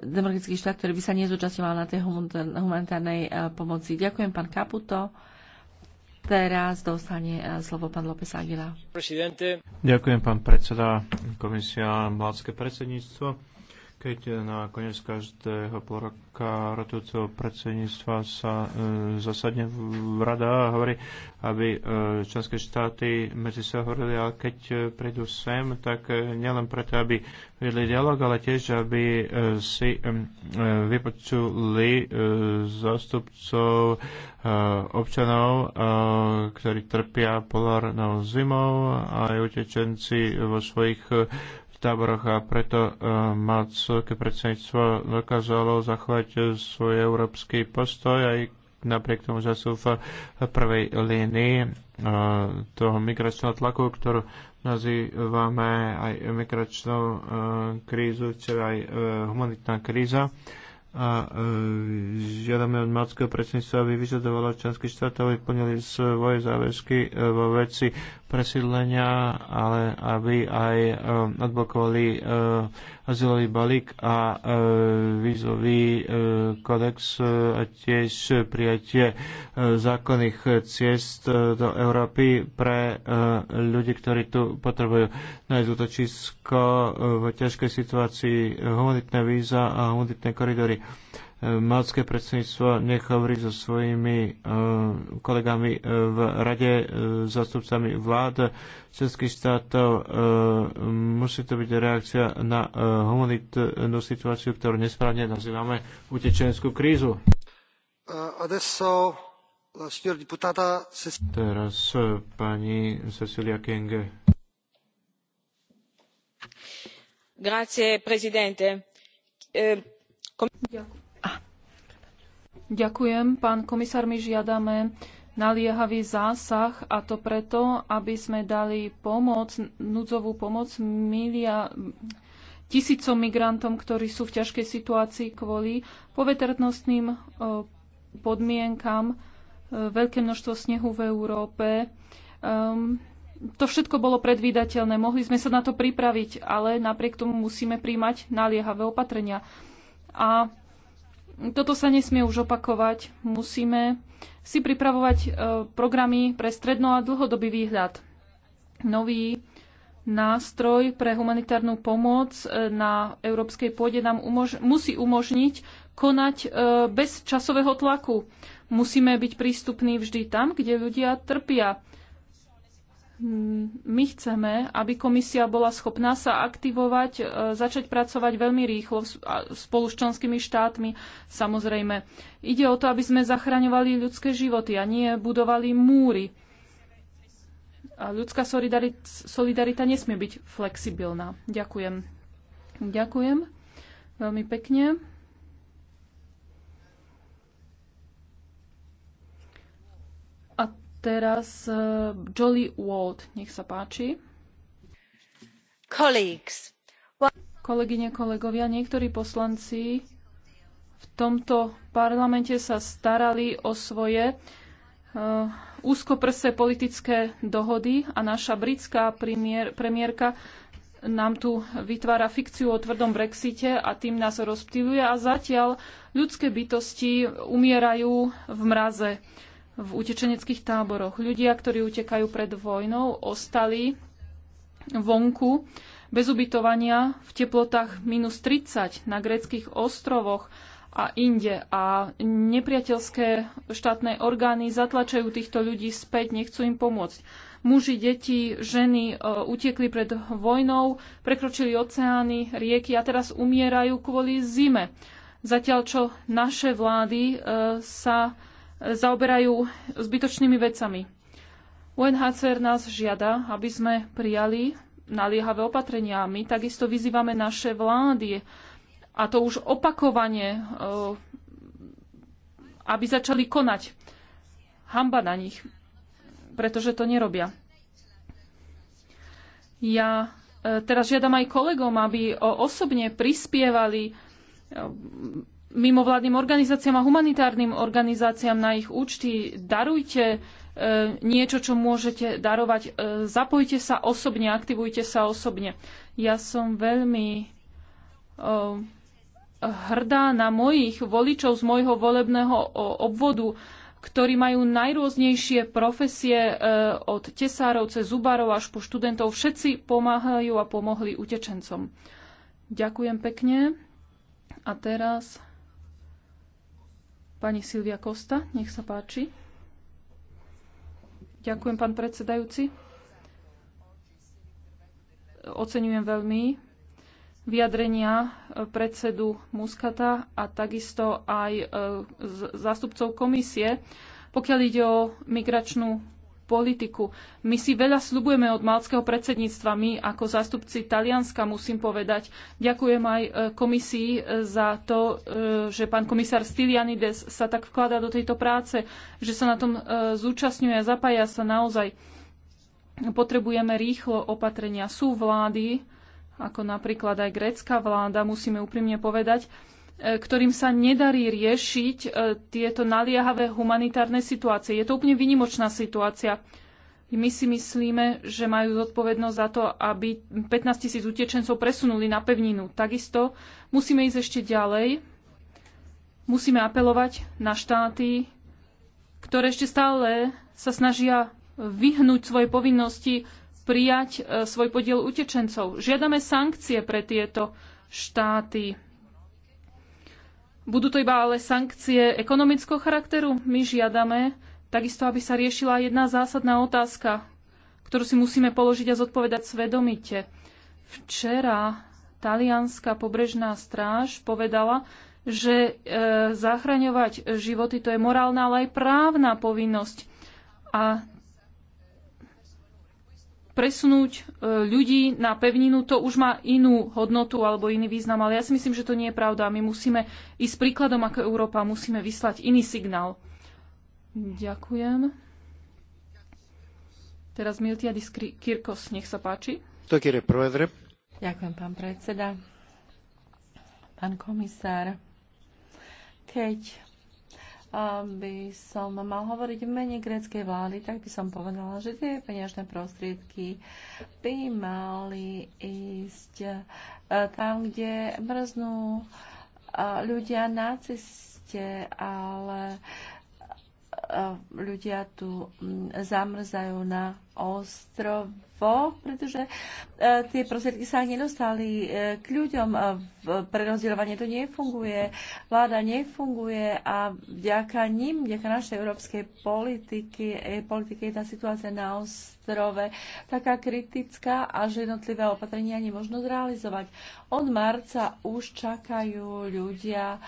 Speaker 3: demokratický štát, ktorý by sa nezúčastňoval na tej humanitárnej pomoci. Ďakujem, pán Kaputo. Teraz dostane eh, slovo pán López Aguila.
Speaker 2: Ďakujem, pán predseda, komisia, mladské predsedníctvo keď na koniec každého pol roka rotujúceho predsedníctva sa e, zasadne v rada a hovorí, aby e, členské štáty medzi sa hovorili, ale keď e, prídu sem, tak e, nielen preto, aby vedli dialog, ale tiež, aby e, si e, vypočuli e, zástupcov e, občanov, e, ktorí trpia polárnou zimou a aj utečenci vo svojich e, táboroch a preto e, malcké predsedníctvo dokázalo zachovať svoj európsky postoj aj napriek tomu, že sú v prvej línii e, toho migračného tlaku, ktorú nazývame aj migračnou e, krízu, čiže teda aj humanitná kríza a žiadame od malckého predsedníctva, aby vyžadovalo členské štáty, aby plnili svoje záväzky vo veci presídlenia, ale aby aj eh, odblokovali eh, azylový balík a eh, vízový kodex a tiež prijatie zákonných ciest do Európy pre ľudí, ktorí tu potrebujú nájsť no útočisko v ťažkej situácii, humanitné víza a humanitné koridory malské predsedníctvo nech hovorí so svojimi e, kolegami e, v rade, e, zastupcami vlád českých štátov. Musí to byť reakcia na humanitnú situáciu, ktorú nesprávne nazývame utečenskú krízu.
Speaker 1: Adesso la signora deputata...
Speaker 2: Teraz pani Cecilia Kenge.
Speaker 3: Grazie, presidente.
Speaker 1: Ďakujem. Ďakujem, pán komisár, my žiadame naliehavý zásah a to preto, aby sme dali pomoc, núdzovú pomoc milia, tisícom migrantom, ktorí sú v ťažkej situácii kvôli poveternostným e, podmienkam, e, veľké množstvo snehu v Európe. Um, to všetko bolo predvídateľné, mohli sme sa na to pripraviť, ale napriek tomu musíme príjmať naliehavé opatrenia. A toto sa nesmie už opakovať. Musíme si pripravovať e, programy pre stredno a dlhodobý výhľad. Nový nástroj pre humanitárnu pomoc e, na európskej pôde nám umož- musí umožniť konať e, bez časového tlaku. Musíme byť prístupní vždy tam, kde ľudia trpia. Mm, my chceme, aby komisia bola schopná sa aktivovať, e, začať pracovať veľmi rýchlo spolu s členskými štátmi. Samozrejme, ide o to, aby sme zachraňovali ľudské životy a nie budovali múry. A ľudská solidarita, solidarita nesmie byť flexibilná. Ďakujem. Ďakujem veľmi pekne. teraz eh, Jolly Walt, Nech sa páči. Colleagues. Kolegyne, kolegovia, niektorí poslanci v tomto parlamente sa starali o svoje uh, eh, úzkoprse politické dohody a naša britská premiér, premiérka nám tu vytvára fikciu o tvrdom Brexite a tým nás rozptýluje a zatiaľ ľudské bytosti umierajú v mraze v utečeneckých táboroch. Ľudia, ktorí utekajú pred vojnou, ostali vonku bez ubytovania v teplotách minus 30 na greckých ostrovoch a inde. A nepriateľské štátne orgány zatlačajú týchto ľudí späť, nechcú im pomôcť. Muži, deti, ženy e, utekli pred vojnou, prekročili oceány, rieky a teraz umierajú kvôli zime. Zatiaľ čo naše vlády e, sa zaoberajú zbytočnými vecami. UNHCR nás žiada, aby sme prijali naliehavé opatrenia. My takisto vyzývame naše vlády, a to už opakovane, e, aby začali konať. Hamba na nich, pretože to nerobia. Ja e, teraz žiadam aj kolegom, aby osobne prispievali e, mimovládnym organizáciám a humanitárnym organizáciám na ich účty. Darujte e, niečo, čo môžete darovať. E, zapojte sa osobne, aktivujte sa osobne. Ja som veľmi e, hrdá na mojich voličov z môjho volebného obvodu, ktorí majú najrôznejšie profesie od tesárov cez zubárov až po študentov. Všetci pomáhajú a pomohli utečencom. Ďakujem pekne. A teraz Pani Silvia Kosta, nech sa páči. Ďakujem, pán predsedajúci. Oceňujem veľmi vyjadrenia eh, predsedu Muskata a takisto aj eh, zástupcov komisie, pokiaľ ide o migračnú politiku. My si veľa slubujeme od malckého predsedníctva. My ako zástupci Talianska musím povedať, ďakujem aj e, komisii e, za to, e, že pán komisár Stylianides sa tak vkladá do tejto práce, že sa na tom zúčastňuje a zapája sa naozaj. Potrebujeme rýchlo opatrenia. Sú vlády, ako napríklad aj grécka vláda, musíme úprimne povedať, E, ktorým sa nedarí riešiť e, tieto naliehavé humanitárne situácie. Je to úplne vynimočná situácia. My si myslíme, že majú zodpovednosť za to, aby 15 tisíc utečencov presunuli na pevninu. Takisto musíme ísť ešte ďalej. Musíme apelovať na štáty, ktoré ešte stále sa snažia vyhnúť svoje povinnosti prijať e, svoj podiel utečencov. Žiadame sankcie pre tieto štáty budú to iba ale sankcie ekonomického charakteru? My žiadame takisto, aby sa riešila jedna zásadná otázka, ktorú si musíme položiť a zodpovedať svedomite. Včera talianská pobrežná stráž povedala, že e, zachraňovať životy to je morálna, ale aj právna povinnosť. A presunúť e, ľudí na pevninu, to už má inú hodnotu alebo iný význam. Ale ja si myslím, že to nie je pravda. My musíme ísť príkladom ako Európa, musíme vyslať iný signál. Ďakujem. Teraz Miltiadis Kirkos,
Speaker 3: nech sa páči. To je Ďakujem, pán predseda. Pán komisár, keď by som mal hovoriť v mene gréckej vlády, tak by som povedala, že tie peňažné prostriedky by mali ísť e, tam, kde mrznú e, ľudia na ceste, ale e, ľudia tu zamrzajú na ostrovo, pretože e, tie prostriedky sa nedostali e, k ľuďom. Prerozdeľovanie to nefunguje, vláda nefunguje a vďaka nim, vďaka našej európskej politiky, e, politiky je tá situácia na ostrove taká kritická a že jednotlivé opatrenia možno zrealizovať. Od marca už čakajú ľudia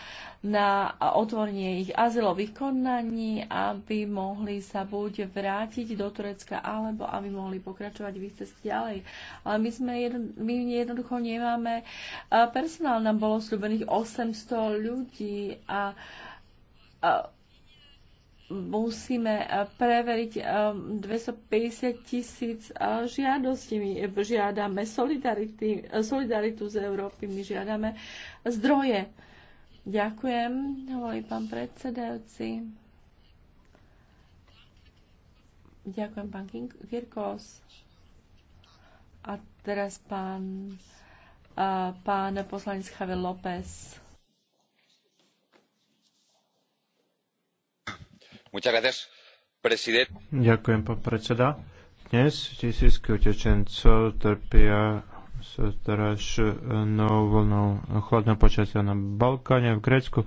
Speaker 3: na otvorenie ich azylových konaní, aby mohli sa buď vrátiť do Turecka alebo aby mohli pokračovať v ich ceste ďalej. Ale my, sme jedno, my jednoducho nemáme personál. Nám bolo slúbených 800 ľudí a, a musíme preveriť 250 tisíc žiadostí. My žiadame solidaritu z Európy, my žiadame zdroje. Ďakujem, hovorí pán predsedajúci. Ďakujem, pán Kirkos. A teraz pán, uh, pán poslanec Javier López.
Speaker 2: Ďakujem, pán predseda. Dnes tisícky utečencov trpia strašnou e, vlnou chladného počasia na Balkáne, v Grécku e,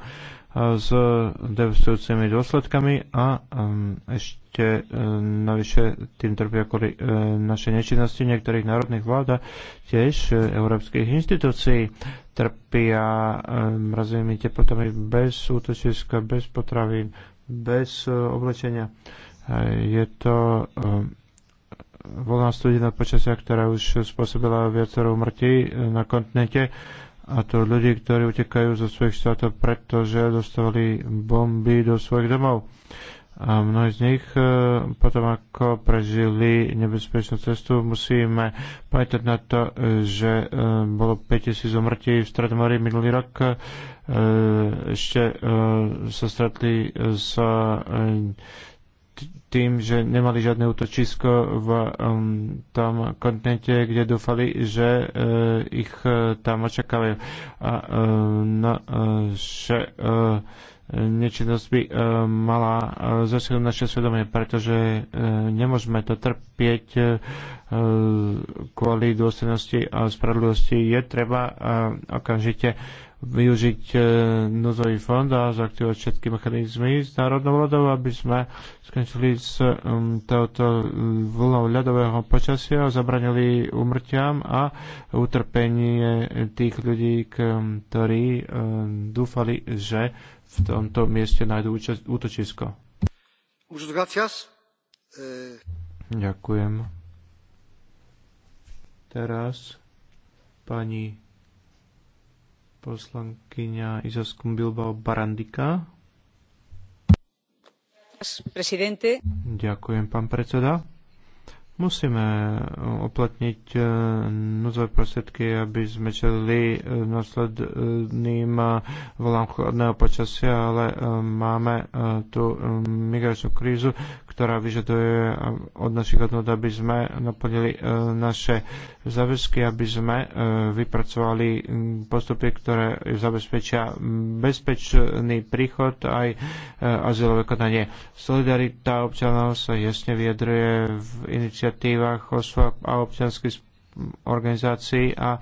Speaker 2: s devastujúcimi dôsledkami a ešte e, navyše tým trpia kvôli našej nečinnosti niektorých národných vlád a tiež európskych inštitúcií trpia mrazivými teplotami bez útočiska, bez potravín, bez oblečenia. Je to voľná studená počasia, ktorá už spôsobila viacero umrtí e, na kontinente a to ľudí, ktorí utekajú zo svojich štátov, pretože dostali bomby do svojich domov. A mnohí z nich e, potom ako prežili nebezpečnú cestu, musíme pamätať na to, že e, bolo 5000 umrtí v Stredomorí minulý rok. Ešte sa stretli s tým, že nemali žiadne útočisko v um, tom kontinente, kde dúfali, že uh, ich uh, tam očakávajú. A uh, eh, naše no, uh, nečinnosť by uh, mala uh, zasiahnuť naše svedomie, pretože uh, nemôžeme to trpieť uh, kvôli dôstojnosti a spravodlivosti. Je treba uh, okamžite uh, využiť e, nozový fond a zaktivovať všetky mechanizmy s národnou ľadou, aby sme skončili s um, touto um, vlnou ľadového počasia a zabranili umrťam a utrpenie tých ľudí, um, ktorí e, dúfali, že v tomto mieste nájdú útočisko. E, ďakujem. Teraz pani Poslankyňa Izaskum Bilbao Barandika.
Speaker 3: Presidente.
Speaker 2: Ďakujem, pán predseda. Musíme e, uplatniť e, núdzové prostriedky, aby sme čelili e, následným volám chladného počasia, ale máme tú migračnú krízu, ktorá vyžaduje od našich hodnot, aby sme naplnili naše záväzky, aby sme vypracovali postupy, ktoré zabezpečia bezpečný príchod aj azylové konanie. Solidarita občanov sa jasne vyjadruje v iniciatíve iniciatívach osôb a občianských organizácií a e,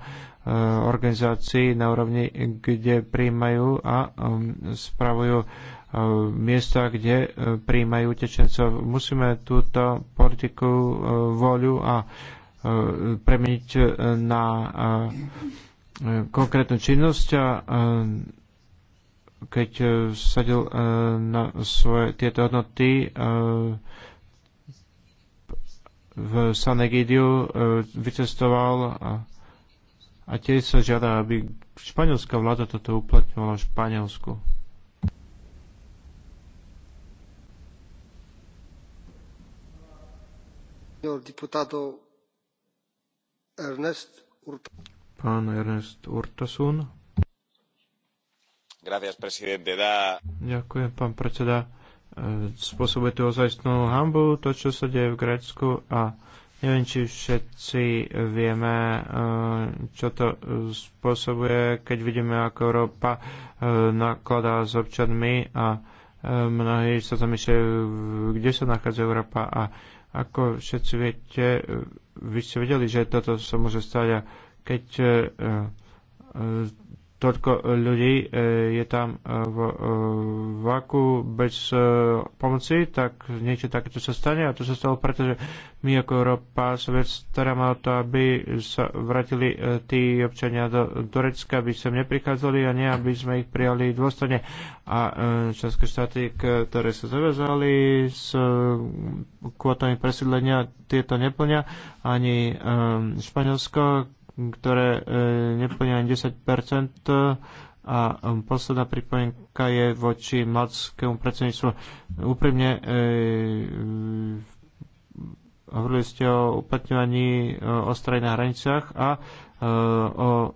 Speaker 2: organizácií na úrovni, kde príjmajú a um, spravujú e, miesta, kde e, príjmajú utečencov. Musíme túto politiku voľu a premeniť na konkrétnu činnosť a keď sadil na svoje tieto hodnoty v Sanegidiu e, vycestoval a, a tiež sa žiada, aby španielská vláda toto uplatňovala v Španielsku. Pán Ernest Urtasun.
Speaker 3: Gracias, presidente. Da...
Speaker 2: Ďakujem, pán predseda spôsobuje tu ozajstnú hambu, to, čo sa deje v Grécku a neviem, či všetci vieme, eh, čo to eh, spôsobuje, keď vidíme, ako Európa eh, nakladá s občanmi a mnohí sa zamýšľajú, kde sa nachádza Európa a ako všetci viete, vy ste vedeli, že toto sa môže stať a keď toľko e, ľudí e, je tam e, v vaku bez pomoci, tak niečo takéto sa stane. A to sa stalo, pretože my ako Európa vec staráme o to, aby sa vrátili tí občania do Turecka, aby sem neprichádzali a nie, aby sme ich prijali dôstane. A členské štáty, ktoré sa zavezali s kvotami presídlenia, tieto neplňa. Ani Španielsko, ktoré e, neplnia 10 e, a e, posledná pripomienka je voči mladskému predsedníctvu. Úprimne hovorili ste o uplatňovaní ostraj na hraniciach a o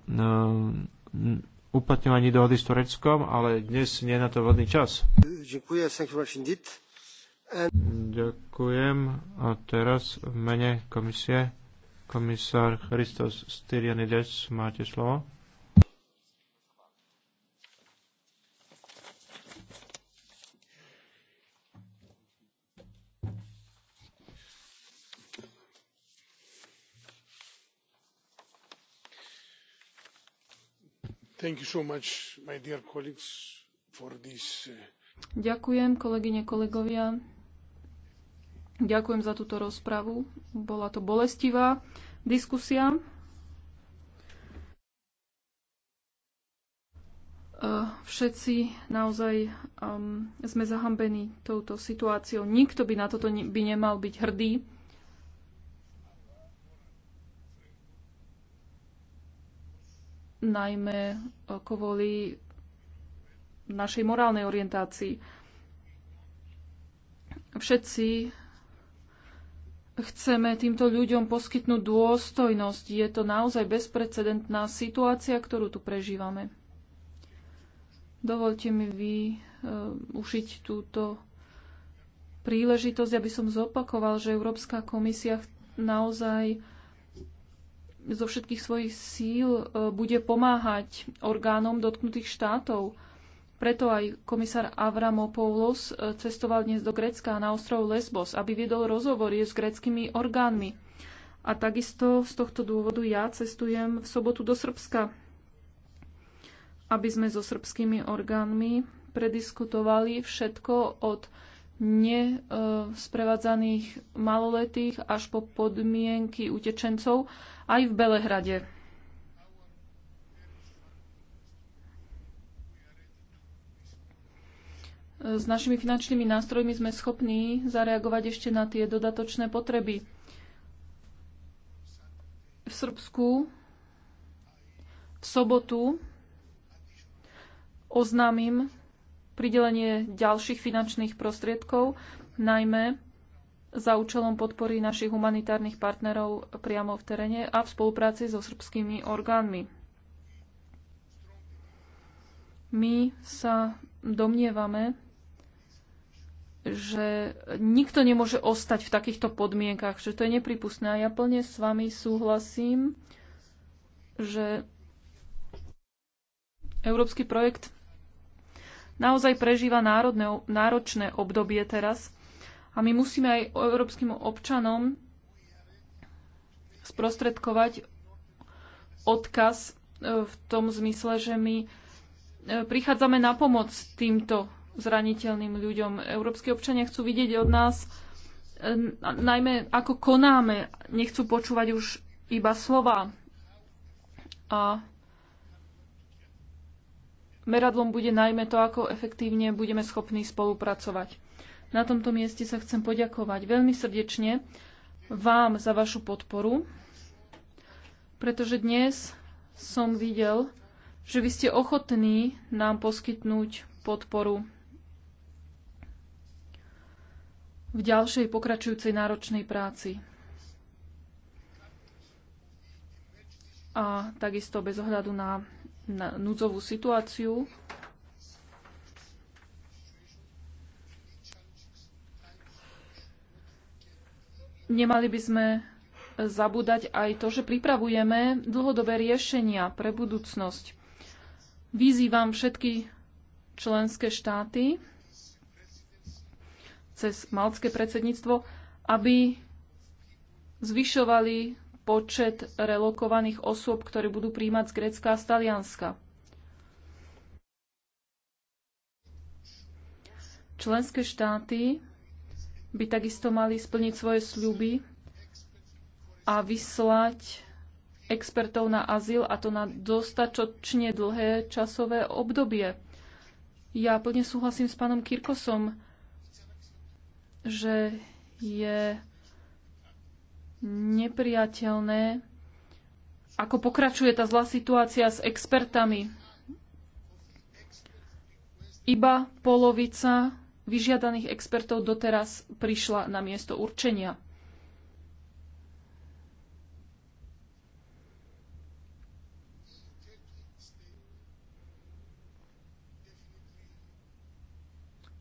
Speaker 2: uplatňovaní dohody s Tureckom, ale dnes nie je na to vhodný čas. Ďakujem. A teraz v mene komisie Komisár Christos Styrianides, máte slovo. So much, dear, this... Uh,
Speaker 1: Ďakujem kolegyne, kolegovia Ďakujem za túto rozpravu. Bola to bolestivá diskusia. E, všetci naozaj um, sme zahambení touto situáciou. Nikto by na toto by nemal byť hrdý. Najmä e, kvôli našej morálnej orientácii. Všetci chceme týmto ľuďom poskytnúť dôstojnosť. Je to naozaj bezprecedentná situácia, ktorú tu prežívame. Dovolte mi vy uh, ušiť túto príležitosť, aby som zopakoval, že Európska komisia naozaj zo všetkých svojich síl e, bude pomáhať orgánom dotknutých štátov. Preto aj komisár Avramopoulos e, cestoval dnes do Grécka na ostrov Lesbos, aby viedol rozhovory s gréckými orgánmi. A takisto z tohto dôvodu ja cestujem v sobotu do Srbska, aby sme so srbskými orgánmi prediskutovali všetko od nesprevádzaných e, maloletých až po podmienky utečencov aj v Belehrade. s našimi finančnými nástrojmi sme schopní zareagovať ešte na tie dodatočné potreby. V Srbsku v sobotu oznámim pridelenie ďalších finančných prostriedkov, najmä za účelom podpory našich humanitárnych partnerov priamo v teréne a v spolupráci so srbskými orgánmi. My sa domnievame,
Speaker 3: že
Speaker 1: nikto nemôže ostať v takýchto podmienkach, že to je nepripustné. A ja plne s vami súhlasím, že európsky projekt naozaj prežíva národné, náročné obdobie teraz a my musíme aj európskym občanom sprostredkovať odkaz e, v tom zmysle, že my e, prichádzame na pomoc týmto zraniteľným ľuďom. Európsky občania chcú vidieť od nás e, najmä ako konáme, nechcú počúvať už iba slova. A meradlom bude najmä to, ako efektívne budeme schopní spolupracovať. Na tomto mieste sa chcem poďakovať veľmi srdečne vám za vašu podporu, pretože dnes som videl, že vy ste ochotní nám poskytnúť podporu v ďalšej pokračujúcej náročnej práci. A takisto bez ohľadu na, na núdzovú situáciu nemali by sme zabúdať aj to, že pripravujeme dlhodobé riešenia pre budúcnosť. Vyzývam všetky členské štáty, cez malcké predsedníctvo, aby zvyšovali počet relokovaných osôb, ktoré budú príjmať z Grécka a z Talianska. Členské štáty by takisto mali splniť svoje sľuby a vyslať expertov na azyl, a to na dostatočne dlhé časové obdobie. Ja plne súhlasím s pánom Kirkosom, že je nepriateľné, ako pokračuje tá zlá situácia s expertami. Iba polovica vyžiadaných expertov doteraz prišla na miesto určenia.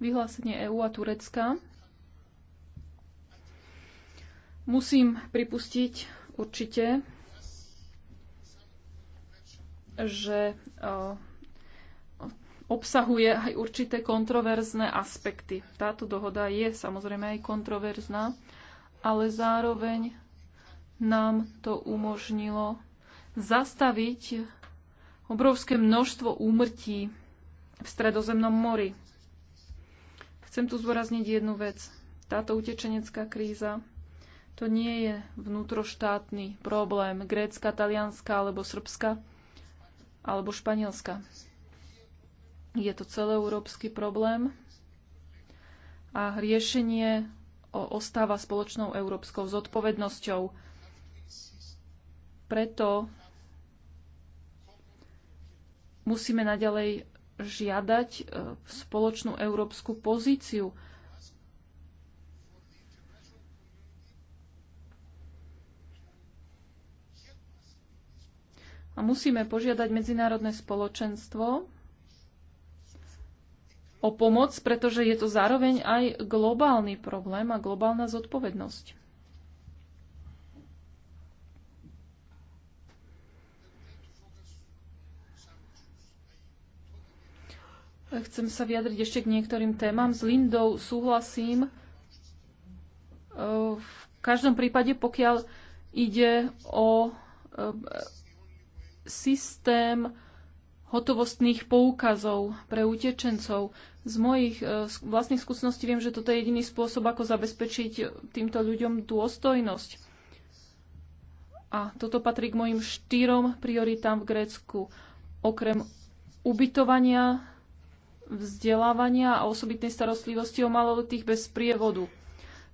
Speaker 1: Vyhlásenie EÚ a Turecka Musím pripustiť určite, že e, obsahuje aj určité kontroverzné aspekty. Táto dohoda je samozrejme aj kontroverzná, ale zároveň nám to umožnilo zastaviť obrovské množstvo úmrtí v Stredozemnom mori. Chcem tu zvorazniť jednu vec. Táto utečenecká kríza to nie je vnútroštátny problém Grécka, Talianska alebo Srbska alebo Španielska. Je to celoeurópsky problém a riešenie ostáva spoločnou európskou zodpovednosťou. Preto musíme naďalej žiadať e, spoločnú európsku pozíciu. A musíme požiadať medzinárodné spoločenstvo o pomoc, pretože je to zároveň aj globálny problém a globálna zodpovednosť. Chcem sa vyjadriť ešte k niektorým témam. S Lindou súhlasím. E, v každom prípade, pokiaľ ide o e, systém hotovostných poukazov pre utečencov. Z mojich e, vlastných skúseností viem, že toto je jediný spôsob, ako zabezpečiť týmto ľuďom dôstojnosť. A toto patrí k mojim štyrom prioritám v Grécku. Okrem ubytovania, vzdelávania a osobitnej starostlivosti o maloletých bez prievodu.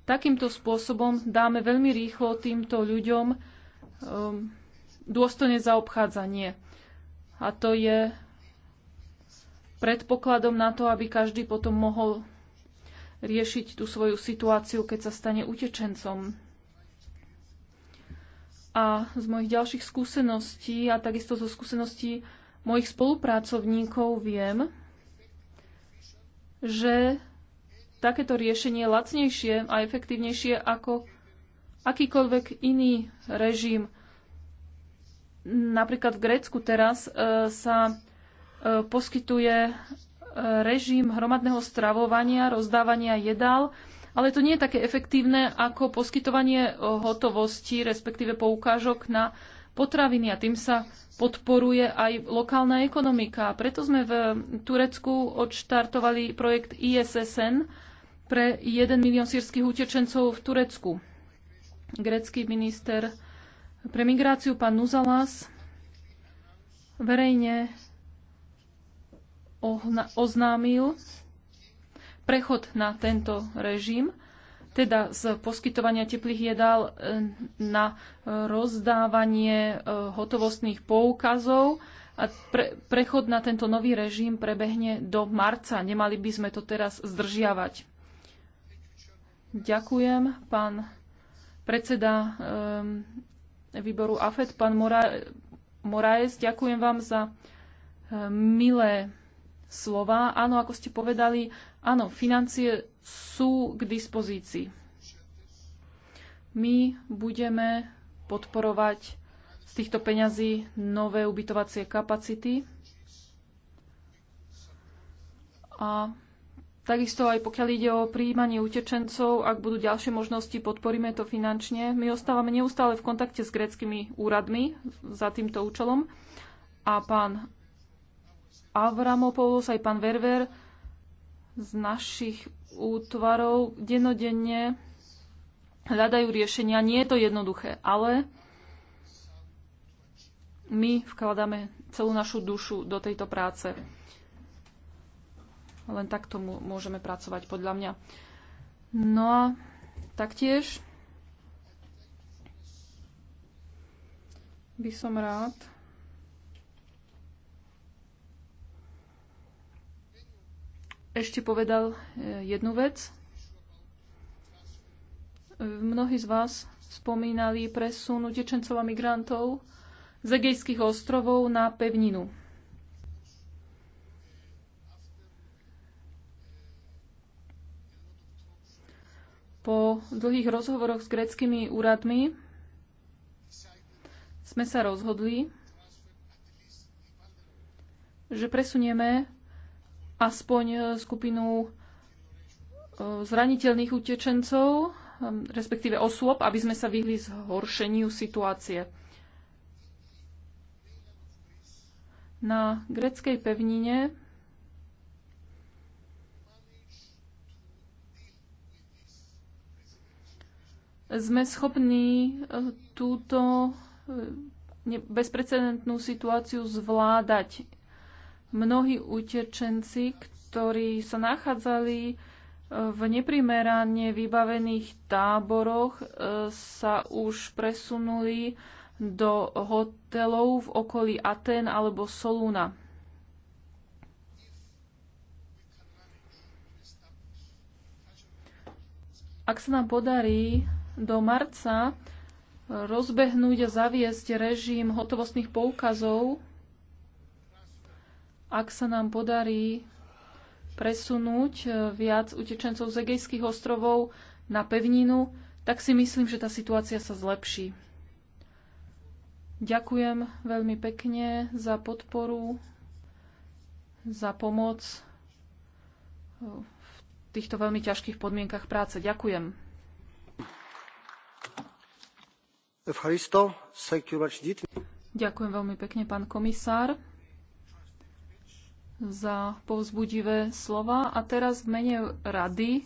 Speaker 1: Takýmto spôsobom dáme veľmi rýchlo týmto ľuďom um, Dôstojne zaobchádzanie. A to je predpokladom na to, aby každý potom mohol riešiť tú svoju situáciu, keď sa stane utečencom. A z mojich ďalších skúseností a takisto zo skúseností mojich spolupracovníkov viem, že takéto riešenie je lacnejšie a efektívnejšie ako akýkoľvek iný režim. Napríklad v Grécku teraz e, sa e, poskytuje e, režim hromadného stravovania, rozdávania jedál, ale to nie je také efektívne ako poskytovanie hotovosti, respektíve poukážok na potraviny a tým sa podporuje aj lokálna ekonomika. Preto sme v Turecku odštartovali projekt ISSN pre 1 milión sírskych utečencov v Turecku. Grecký minister pre migráciu pán Nuzalas verejne oznámil prechod na tento režim, teda z poskytovania teplých jedál e, na rozdávanie e, hotovostných poukazov a pre, prechod na tento nový režim prebehne do marca. Nemali by sme to teraz zdržiavať. Ďakujem, pán predseda e, výboru AFED. Pán Mora, Moraes, ďakujem vám za eh, milé slova. Áno, ako ste povedali, áno, financie sú k dispozícii. My budeme podporovať z týchto peňazí nové ubytovacie kapacity a Takisto aj pokiaľ ide o príjmanie utečencov, ak budú ďalšie možnosti, podporíme to finančne. My ostávame neustále v kontakte s gréckými úradmi za týmto účelom. A pán Avramopoulos, aj pán Verver z našich útvarov dennodenne hľadajú riešenia. Nie je to jednoduché, ale my vkladáme celú našu dušu do tejto práce. Len takto môžeme pracovať podľa mňa. No a taktiež by som rád, ešte povedal e, jednu vec. Mnohí z vás spomínali presun utečencov a migrantov z Egejských ostrovov na pevninu. Po dlhých rozhovoroch s greckými úradmi sme sa rozhodli, že presunieme aspoň e, skupinu e, zraniteľných utečencov, e, respektíve osôb, aby sme sa vyhli zhoršeniu situácie. Na greckej pevnine sme schopní e, túto e, bezprecedentnú situáciu zvládať. Mnohí utečenci, ktorí sa nachádzali e, v neprimerane vybavených táboroch, sa už presunuli do hotelov v okolí Aten alebo Soluna. Ak sa nám podarí do marca rozbehnúť a zaviesť režim hotovostných poukazov, ak sa nám podarí presunúť eh, viac utečencov z Egejských ostrovov na pevninu, tak si myslím, že tá situácia sa zlepší. Ďakujem veľmi pekne za podporu, za pomoc eh, v týchto veľmi ťažkých podmienkach práce. Ďakujem. Ďakujem veľmi pekne, pán komisár, za povzbudivé slova. A teraz v mene rady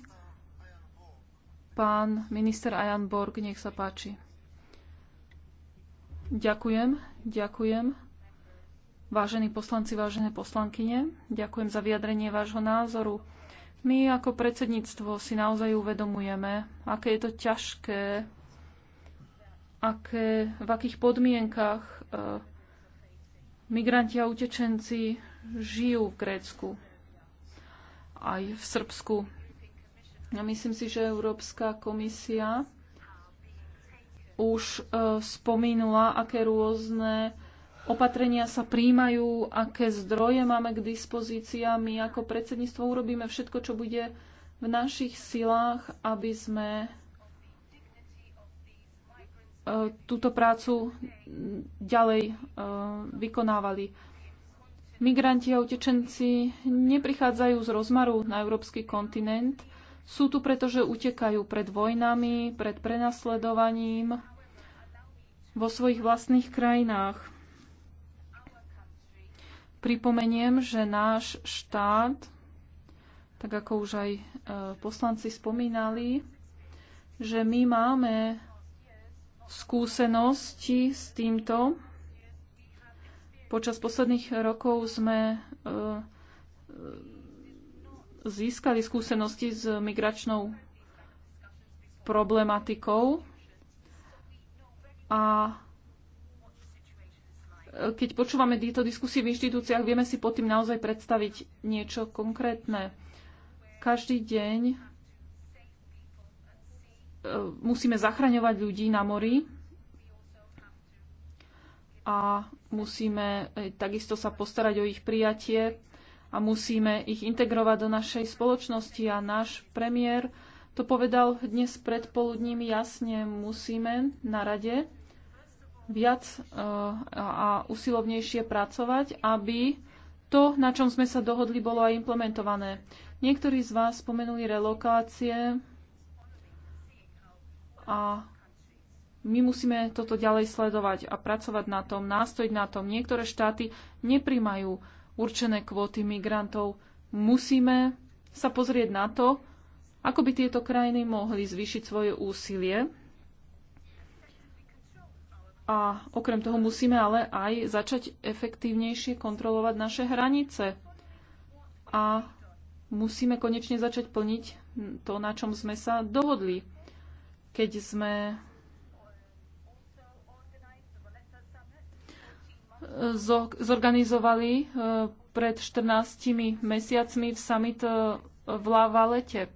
Speaker 1: pán minister Ajan Borg, nech sa páči. Ďakujem, ďakujem. Vážení poslanci, vážené poslankyne, ďakujem za vyjadrenie vášho názoru. My ako predsedníctvo si naozaj uvedomujeme, aké je to ťažké aké, v akých podmienkach e, migranti a utečenci žijú v Grécku aj v Srbsku. Ja myslím si, že Európska komisia už e, spomínula, aké rôzne opatrenia sa príjmajú, aké zdroje máme k dispozícii a my ako predsedníctvo urobíme všetko, čo bude v našich silách, aby sme túto prácu ďalej e, vykonávali. Migranti a utečenci neprichádzajú z rozmaru na európsky kontinent. Sú tu preto, že utekajú pred vojnami, pred prenasledovaním vo svojich vlastných krajinách. Pripomeniem, že náš štát, tak ako už aj e, poslanci spomínali, že my máme skúsenosti s týmto. Počas posledných rokov sme e, e, získali skúsenosti s migračnou problematikou a keď počúvame tieto diskusie v inštitúciách, vieme si pod tým naozaj predstaviť niečo konkrétne. Každý deň E, musíme zachraňovať ľudí na mori a musíme e, takisto sa postarať o ich prijatie a musíme ich integrovať do našej spoločnosti a náš premiér to povedal dnes predpoludním jasne, musíme na rade viac e, a usilovnejšie pracovať, aby to, na čom sme sa dohodli, bolo aj implementované. Niektorí z vás spomenuli relokácie, a my musíme toto ďalej sledovať a pracovať na tom, nástojiť na tom. Niektoré štáty neprimajú určené kvóty migrantov. Musíme sa pozrieť na to, ako by tieto krajiny mohli zvýšiť svoje úsilie. A okrem toho musíme ale aj začať efektívnejšie kontrolovať naše hranice. A musíme konečne začať plniť to, na čom sme sa dohodli keď sme zorganizovali e, pred 14 mesiacmi v summit e, v Lavalete.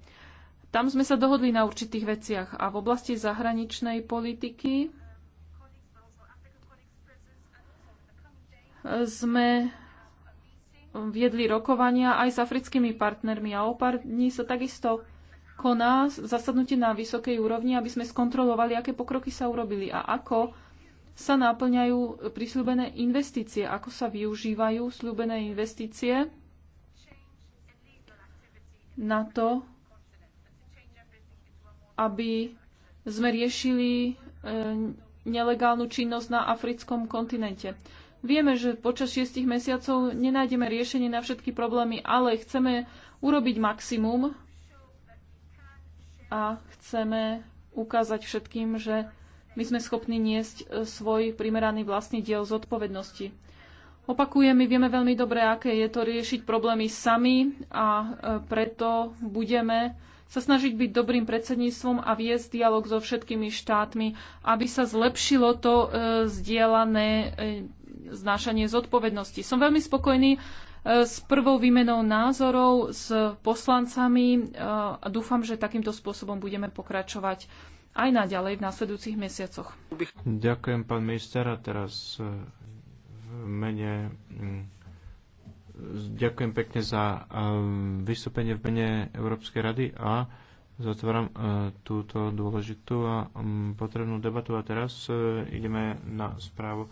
Speaker 1: Tam sme sa dohodli na určitých veciach a v oblasti zahraničnej politiky sme viedli rokovania aj s africkými partnermi a o pár dní sa takisto koná zasadnutie na vysokej úrovni, aby sme skontrolovali, aké pokroky sa urobili a ako sa náplňajú prísľubené investície, ako sa využívajú slúbené investície na to, aby sme riešili e, nelegálnu činnosť na africkom kontinente. Vieme, že počas šiestich mesiacov nenájdeme riešenie na všetky problémy, ale chceme urobiť maximum, a chceme ukázať všetkým, že my sme schopní niesť e, svoj primeraný vlastný diel zodpovednosti. Opakujem, my vieme veľmi dobre, aké je to riešiť problémy sami a e, preto budeme sa snažiť byť dobrým predsedníctvom a viesť dialog so všetkými štátmi, aby sa zlepšilo to e, zdielané znášanie zodpovednosti. Som veľmi spokojný E, s prvou výmenou názorov s poslancami e, a dúfam, že takýmto spôsobom budeme pokračovať aj naďalej v následujúcich mesiacoch.
Speaker 2: Ďakujem, pán minister. A teraz e, v mene ďakujem pekne za vystúpenie v mene Európskej rady a zatváram túto dôležitú a potrebnú debatu. A teraz ideme na správu.